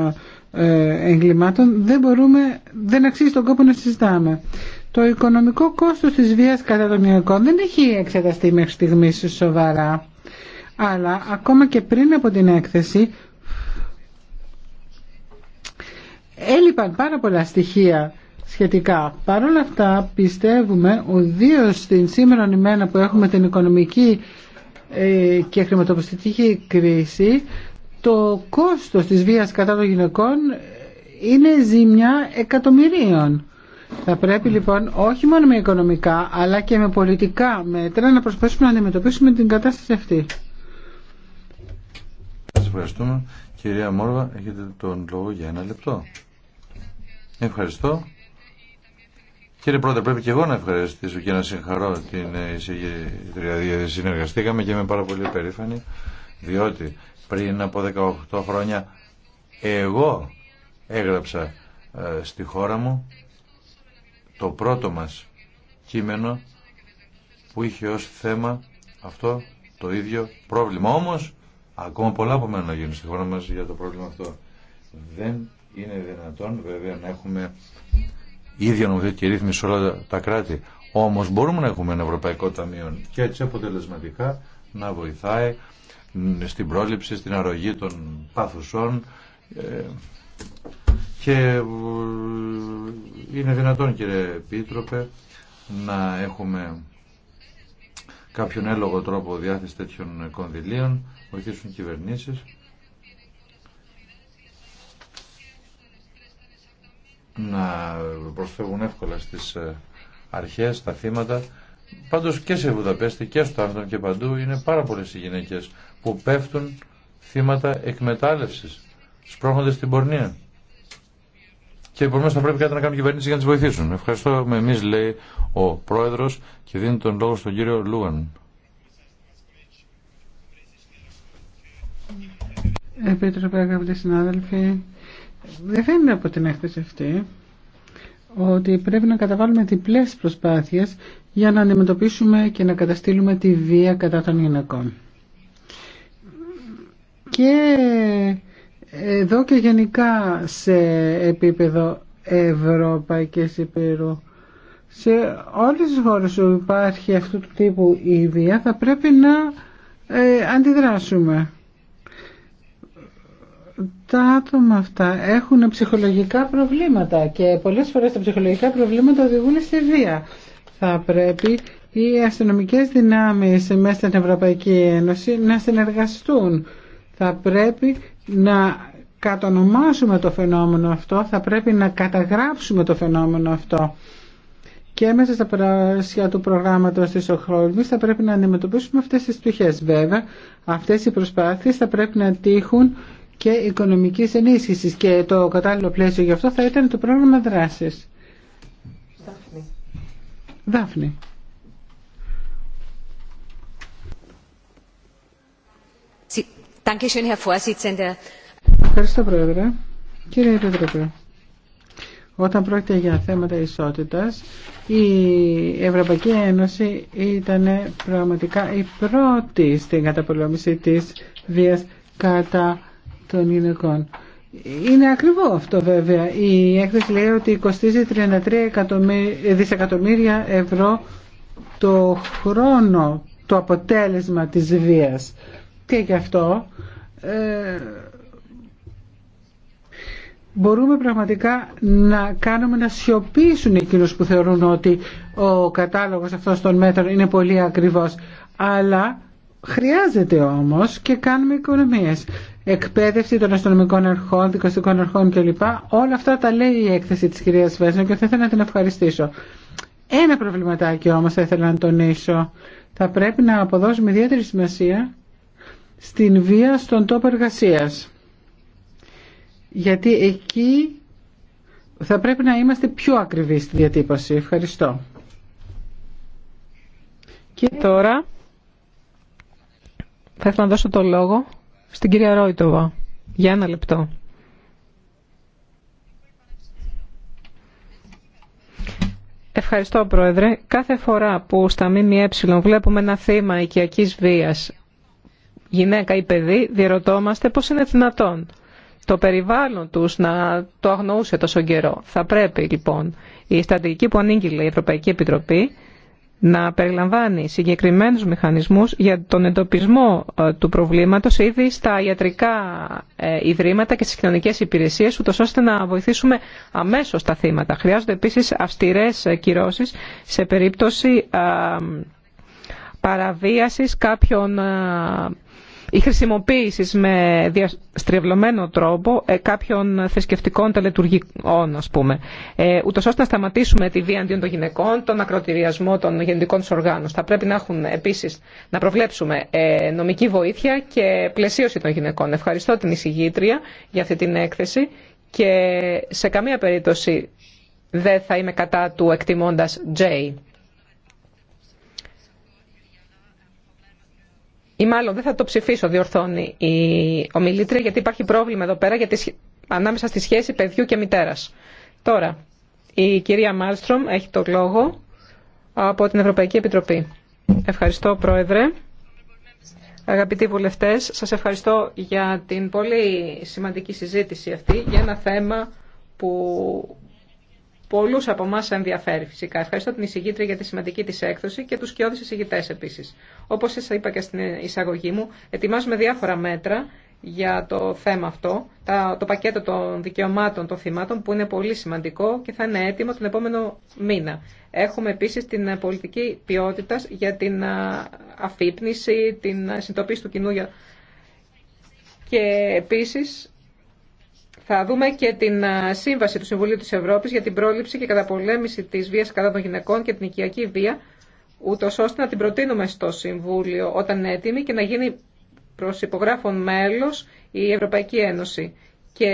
ε, εγκλημάτων δεν μπορούμε, δεν αξίζει τον κόπο να συζητάμε. Το οικονομικό κόστος της βίας κατά των γυναικών δεν έχει εξεταστεί μέχρι στιγμής σοβαρά. Αλλά ακόμα και πριν από την έκθεση Έλειπαν πάρα πολλά στοιχεία σχετικά. Παρ' όλα αυτά πιστεύουμε ιδίω στην σήμερα ημέρα που έχουμε την οικονομική ε, και χρηματοπιστική κρίση το κόστος της βίας κατά των γυναικών ε, είναι ζημιά εκατομμυρίων. Θα πρέπει λοιπόν όχι μόνο με οικονομικά αλλά και με πολιτικά μέτρα να προσπαθήσουμε να αντιμετωπίσουμε την κατάσταση αυτή. Σας ευχαριστούμε. Κυρία Μόρβα, έχετε τον λόγο για ένα λεπτό. Ευχαριστώ. Κύριε Πρόεδρε, πρέπει και εγώ να ευχαριστήσω και να συγχαρώ την εισηγήτρια. Συνεργαστήκαμε και είμαι πάρα πολύ περήφανη, διότι πριν από 18 χρόνια εγώ έγραψα ε, στη χώρα μου το πρώτο μας κείμενο που είχε ως θέμα αυτό το ίδιο πρόβλημα. Όμως, ακόμα πολλά από να γίνουν στη χώρα μας για το πρόβλημα αυτό. Δεν είναι δυνατόν βέβαια να έχουμε ίδια νομοθετική ρύθμιση σε όλα τα κράτη. Όμως μπορούμε να έχουμε ένα Ευρωπαϊκό Ταμείο και έτσι αποτελεσματικά να βοηθάει στην πρόληψη, στην αρρωγή των πάθουσών ε, και ε, είναι δυνατόν κύριε Πίτροπε να έχουμε κάποιον έλογο τρόπο διάθεση τέτοιων κονδυλίων, βοηθήσουν κυβερνήσεις να προσφεύγουν εύκολα στις ε, αρχές, στα θύματα. Πάντως και σε Βουδαπέστη και στο Άμστερνταμ και παντού είναι πάρα πολλές οι γυναίκες που πέφτουν θύματα εκμετάλλευσης, σπρώχνονται στην πορνεία. Και επομένω θα πρέπει κάτι να κάνουν κυβερνήσει για να τι βοηθήσουν. Ευχαριστώ με εμεί, λέει ο πρόεδρο, και δίνει τον λόγο στον κύριο Λούαν. Επίτροπε, αγαπητοί συνάδελφοι, δεν φαίνεται από την έκθεση αυτή ότι πρέπει να καταβάλουμε διπλές προσπάθειες για να αντιμετωπίσουμε και να καταστήλουμε τη βία κατά των γυναικών. Και εδώ και γενικά σε επίπεδο Ευρωπαϊκής Υπήρου σε όλες τις χώρες που υπάρχει αυτού του τύπου η βία θα πρέπει να ε, αντιδράσουμε τα άτομα αυτά έχουν ψυχολογικά προβλήματα και πολλές φορές τα ψυχολογικά προβλήματα οδηγούν στη βία. Θα πρέπει οι αστυνομικές δυνάμεις μέσα στην Ευρωπαϊκή Ένωση να συνεργαστούν. Θα πρέπει να κατονομάσουμε το φαινόμενο αυτό, θα πρέπει να καταγράψουμε το φαινόμενο αυτό. Και μέσα στα πράσια του προγράμματος της ΟΧΡΟΛΜΗΣ θα πρέπει να αντιμετωπίσουμε αυτές τις πτυχές. Βέβαια, αυτές οι προσπάθειες θα πρέπει να τύχουν και οικονομική ενίσχυση και το κατάλληλο πλαίσιο γι' αυτό θα ήταν το πρόγραμμα δράση. Δάφνη. Δάφνη. Ευχαριστώ Πρόεδρε. Κύριε Επίτροπε, όταν πρόκειται για θέματα ισότητας, η Ευρωπαϊκή Ένωση ήταν πραγματικά η πρώτη στην καταπολέμηση της βίας κατά των γυναικών. Είναι ακριβό αυτό βέβαια. Η έκθεση λέει ότι κοστίζει 33 δισεκατομμύρια ευρώ το χρόνο το αποτέλεσμα της βίας. Και γι' αυτό ε, μπορούμε πραγματικά να κάνουμε να σιωπήσουν εκείνους που θεωρούν ότι ο κατάλογος αυτός των μέτρων είναι πολύ ακριβός, Αλλά Χρειάζεται όμως και κάνουμε οικονομίες. Εκπαίδευση των αστυνομικών αρχών, δικαστικών αρχών κλπ. Όλα αυτά τα λέει η έκθεση της κυρίας Βέσνα και θα ήθελα να την ευχαριστήσω. Ένα προβληματάκι όμως θα ήθελα να τονίσω. Θα πρέπει να αποδώσουμε ιδιαίτερη σημασία στην βία στον τόπο εργασία. Γιατί εκεί θα πρέπει να είμαστε πιο ακριβείς στη διατύπωση. Ευχαριστώ. Και τώρα... Θα ήθελα να δώσω το λόγο στην κυρία Ρόιτοβα. Για ένα λεπτό. Ευχαριστώ, Πρόεδρε. Κάθε φορά που στα ΜΜΕ βλέπουμε ένα θύμα οικιακής βίας, γυναίκα ή παιδί, διερωτώμαστε πώς είναι δυνατόν το περιβάλλον τους να το αγνοούσε τόσο καιρό. Θα πρέπει, λοιπόν, η στρατηγική που ανήκει η Ευρωπαϊκή Επιτροπή να περιλαμβάνει συγκεκριμένους μηχανισμούς για τον εντοπισμό ε, του προβλήματος ήδη στα ιατρικά ε, ιδρύματα και στις κοινωνικές υπηρεσίες, ούτως ώστε να βοηθήσουμε αμέσως τα θύματα. Χρειάζονται επίσης αυστηρές ε, κυρώσεις σε περίπτωση παραβίασης κάποιων η χρησιμοποίηση με διαστρεβλωμένο τρόπο ε, κάποιων θρησκευτικών τελετουργικών, ας πούμε, ε, ούτως ώστε να σταματήσουμε τη βία αντίον των γυναικών, τον ακροτηριασμό των γεννητικών τους οργάνων. Θα πρέπει να έχουν επίσης να προβλέψουμε ε, νομική βοήθεια και πλαισίωση των γυναικών. Ευχαριστώ την εισηγήτρια για αυτή την έκθεση και σε καμία περίπτωση δεν θα είμαι κατά του εκτιμώντας J. ή μάλλον δεν θα το ψηφίσω, διορθώνει η ομιλήτρια, γιατί υπάρχει πρόβλημα εδώ πέρα γιατί, ανάμεσα στη σχέση παιδιού και μητέρα. Τώρα, η κυρία Μάλστρομ έχει το λόγο από την Ευρωπαϊκή Επιτροπή. Ευχαριστώ, Πρόεδρε. Αγαπητοί βουλευτές, σας ευχαριστώ για την πολύ σημαντική συζήτηση αυτή για ένα θέμα που Πολλούς από εμά ενδιαφέρει φυσικά. Ευχαριστώ την εισηγήτρια για τη σημαντική της έκδοση και τους κοιόδης εισηγητές επίσης. Όπως σας είπα και στην εισαγωγή μου, ετοιμάζουμε διάφορα μέτρα για το θέμα αυτό, το πακέτο των δικαιωμάτων των θυμάτων που είναι πολύ σημαντικό και θα είναι έτοιμο τον επόμενο μήνα. Έχουμε επίσης την πολιτική ποιότητα για την αφύπνιση, την συντοπίση του κοινού και επίσης θα δούμε και την σύμβαση του Συμβουλίου της Ευρώπης για την πρόληψη και καταπολέμηση της βίας κατά των γυναικών και την οικιακή βία, ούτω ώστε να την προτείνουμε στο Συμβούλιο όταν είναι έτοιμη και να γίνει προς υπογράφων μέλος η Ευρωπαϊκή Ένωση και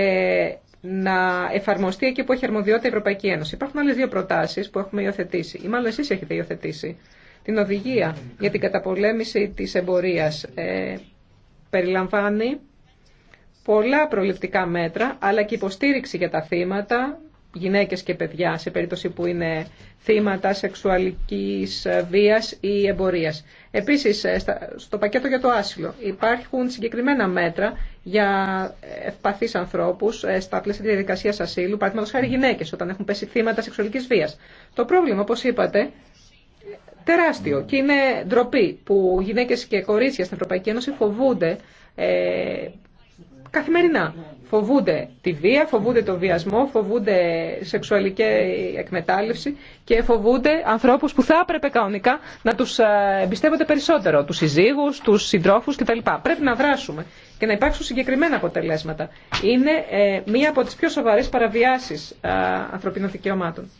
να εφαρμοστεί εκεί που έχει αρμοδιότητα η Ευρωπαϊκή Ένωση. Υπάρχουν άλλες δύο προτάσεις που έχουμε υιοθετήσει ή μάλλον εσείς έχετε υιοθετήσει. Την οδηγία για την καταπολέμηση της εμπορίας ε, περιλαμβάνει πολλά προληπτικά μέτρα, αλλά και υποστήριξη για τα θύματα, γυναίκες και παιδιά, σε περίπτωση που είναι θύματα σεξουαλικής βίας ή εμπορίας. Επίσης, ε, στο πακέτο για το άσυλο υπάρχουν συγκεκριμένα μέτρα για ευπαθείς ανθρώπους ε, στα πλαίσια της διαδικασίας ασύλου, παραδείγματος χάρη γυναίκες, όταν έχουν πέσει θύματα σεξουαλικής βίας. Το πρόβλημα, όπως είπατε, τεράστιο και είναι ντροπή που γυναίκες και κορίτσια στην Ευρωπαϊκή Ένωση φοβούνται ε, καθημερινά. Φοβούνται τη βία, φοβούνται το βιασμό, φοβούνται σεξουαλική εκμετάλλευση και φοβούνται ανθρώπους που θα έπρεπε κανονικά να τους ε, εμπιστεύονται περισσότερο, τους συζύγους, τους συντρόφους κτλ. Πρέπει να δράσουμε και να υπάρξουν συγκεκριμένα αποτελέσματα. Είναι ε, μία από τις πιο σοβαρές παραβιάσεις ε, ανθρωπίνων δικαιωμάτων.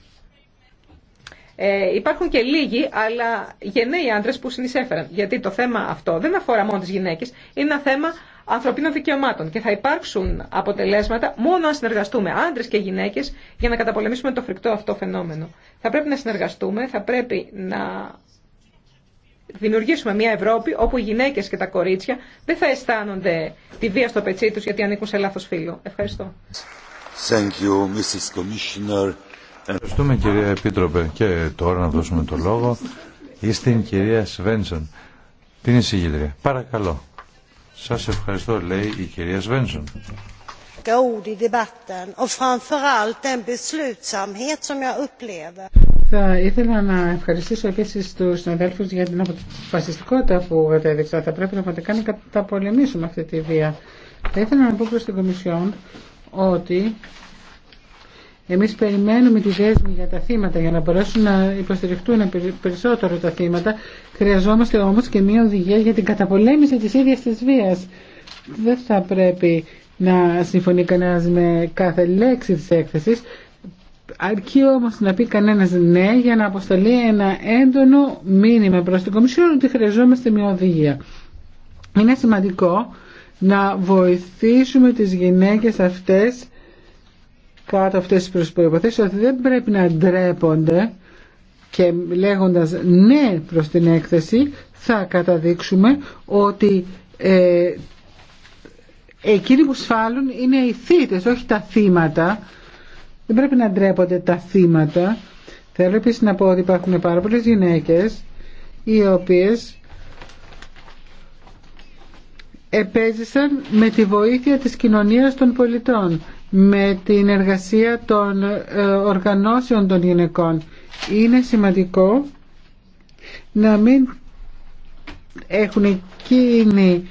Ε, υπάρχουν και λίγοι, αλλά γενναίοι άντρε που συνεισέφεραν. Γιατί το θέμα αυτό δεν αφορά μόνο τι γυναίκε, είναι ένα θέμα ανθρωπίνων δικαιωμάτων και θα υπάρξουν αποτελέσματα μόνο αν συνεργαστούμε άντρε και γυναίκε για να καταπολεμήσουμε το φρικτό αυτό φαινόμενο. Θα πρέπει να συνεργαστούμε, θα πρέπει να δημιουργήσουμε μια Ευρώπη όπου οι γυναίκε και τα κορίτσια δεν θα αισθάνονται τη βία στο πετσί του γιατί ανήκουν σε λάθο φίλο. Ευχαριστώ. Ευχαριστούμε κυρία Επίτροπε και τώρα να δώσουμε το λόγο στην κυρία Σβένσον, την εισηγήτρια. Παρακαλώ. Σας ευχαριστώ, λέει η κυρία Σβένσον. Θα ήθελα να ευχαριστήσω επίση του συναδέλφου για την αποφασιστικότητα που κατέδειξα. Θα πρέπει πραγματικά να καταπολεμήσουμε αυτή τη βία. Θα ήθελα να πω προ την Κομισιόν ότι εμείς περιμένουμε τη δέσμη για τα θύματα για να μπορέσουν να υποστηριχτούν περισσότερο τα θύματα. Χρειαζόμαστε όμως και μια οδηγία για την καταπολέμηση της ίδιας της βίας. Δεν θα πρέπει να συμφωνεί κανένας με κάθε λέξη της έκθεσης. Αρκεί όμως να πει κανένας ναι για να αποσταλεί ένα έντονο μήνυμα προς την Κομισιόν ότι χρειαζόμαστε μια οδηγία. Είναι σημαντικό να βοηθήσουμε τις γυναίκες αυτές κάτω αυτές τις προϋποθέσεις ότι δεν πρέπει να ντρέπονται και λέγοντας ναι προς την έκθεση θα καταδείξουμε ότι ε, εκείνοι που σφάλουν είναι οι θύτες, όχι τα θύματα. Δεν πρέπει να ντρέπονται τα θύματα. Θέλω επίσης να πω ότι υπάρχουν πάρα πολλές γυναίκες οι οποίες επέζησαν με τη βοήθεια της κοινωνίας των πολιτών, με την εργασία των ε, οργανώσεων των γυναικών. Είναι σημαντικό να μην έχουν εκείνοι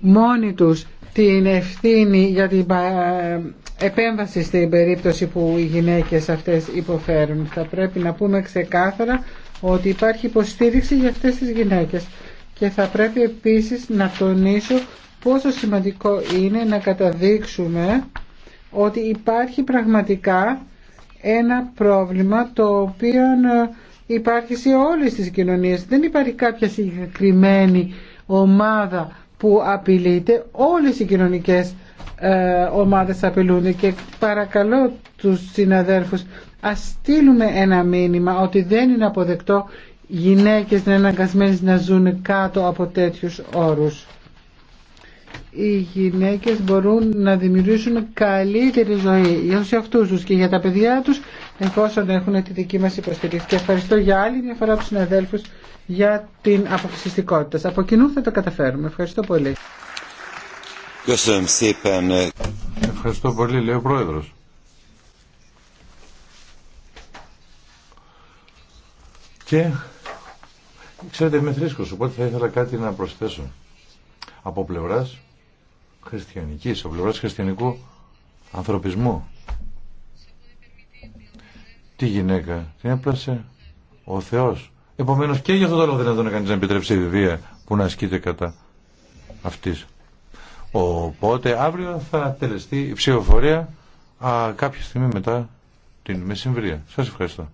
μόνοι τους την ευθύνη για την ε, επέμβαση στην περίπτωση που οι γυναίκες αυτές υποφέρουν. Θα πρέπει να πούμε ξεκάθαρα ότι υπάρχει υποστήριξη για αυτές τις γυναίκες. Και θα πρέπει επίσης να τονίσω πόσο σημαντικό είναι να καταδείξουμε ότι υπάρχει πραγματικά ένα πρόβλημα το οποίο ε, υπάρχει σε όλες τις κοινωνίες. Δεν υπάρχει κάποια συγκεκριμένη ομάδα που απειλείται. Όλες οι κοινωνικές ε, ομάδες απειλούνται και παρακαλώ τους συναδέλφους ας στείλουμε ένα μήνυμα ότι δεν είναι αποδεκτό γυναίκες να είναι αναγκασμένες να ζουν κάτω από τέτοιους όρους. Οι γυναίκες μπορούν να δημιουργήσουν καλύτερη ζωή για τους εαυτούς τους και για τα παιδιά τους εφόσον έχουν τη δική μας υποστηρίξη. Και ευχαριστώ για άλλη μια φορά τους συναδέλφους για την αποφασιστικότητα. Από κοινού θα το καταφέρουμε. Ευχαριστώ πολύ. Ευχαριστώ πολύ, λέει ο Πρόεδρος. Και Ξέρετε είμαι θρήσκο, οπότε θα ήθελα κάτι να προσθέσω. Από πλευρά χριστιανικής, από πλευρά χριστιανικού ανθρωπισμού. Τι γυναίκα την έπλασε ο Θεός. Επομένω και γι' αυτό το λόγο δεν έδωνε κάνει να επιτρέψει η βία που να ασκείται κατά αυτή. Οπότε αύριο θα τελεστεί η ψηφοφορία κάποια στιγμή μετά την μεσημβρία. Σας ευχαριστώ.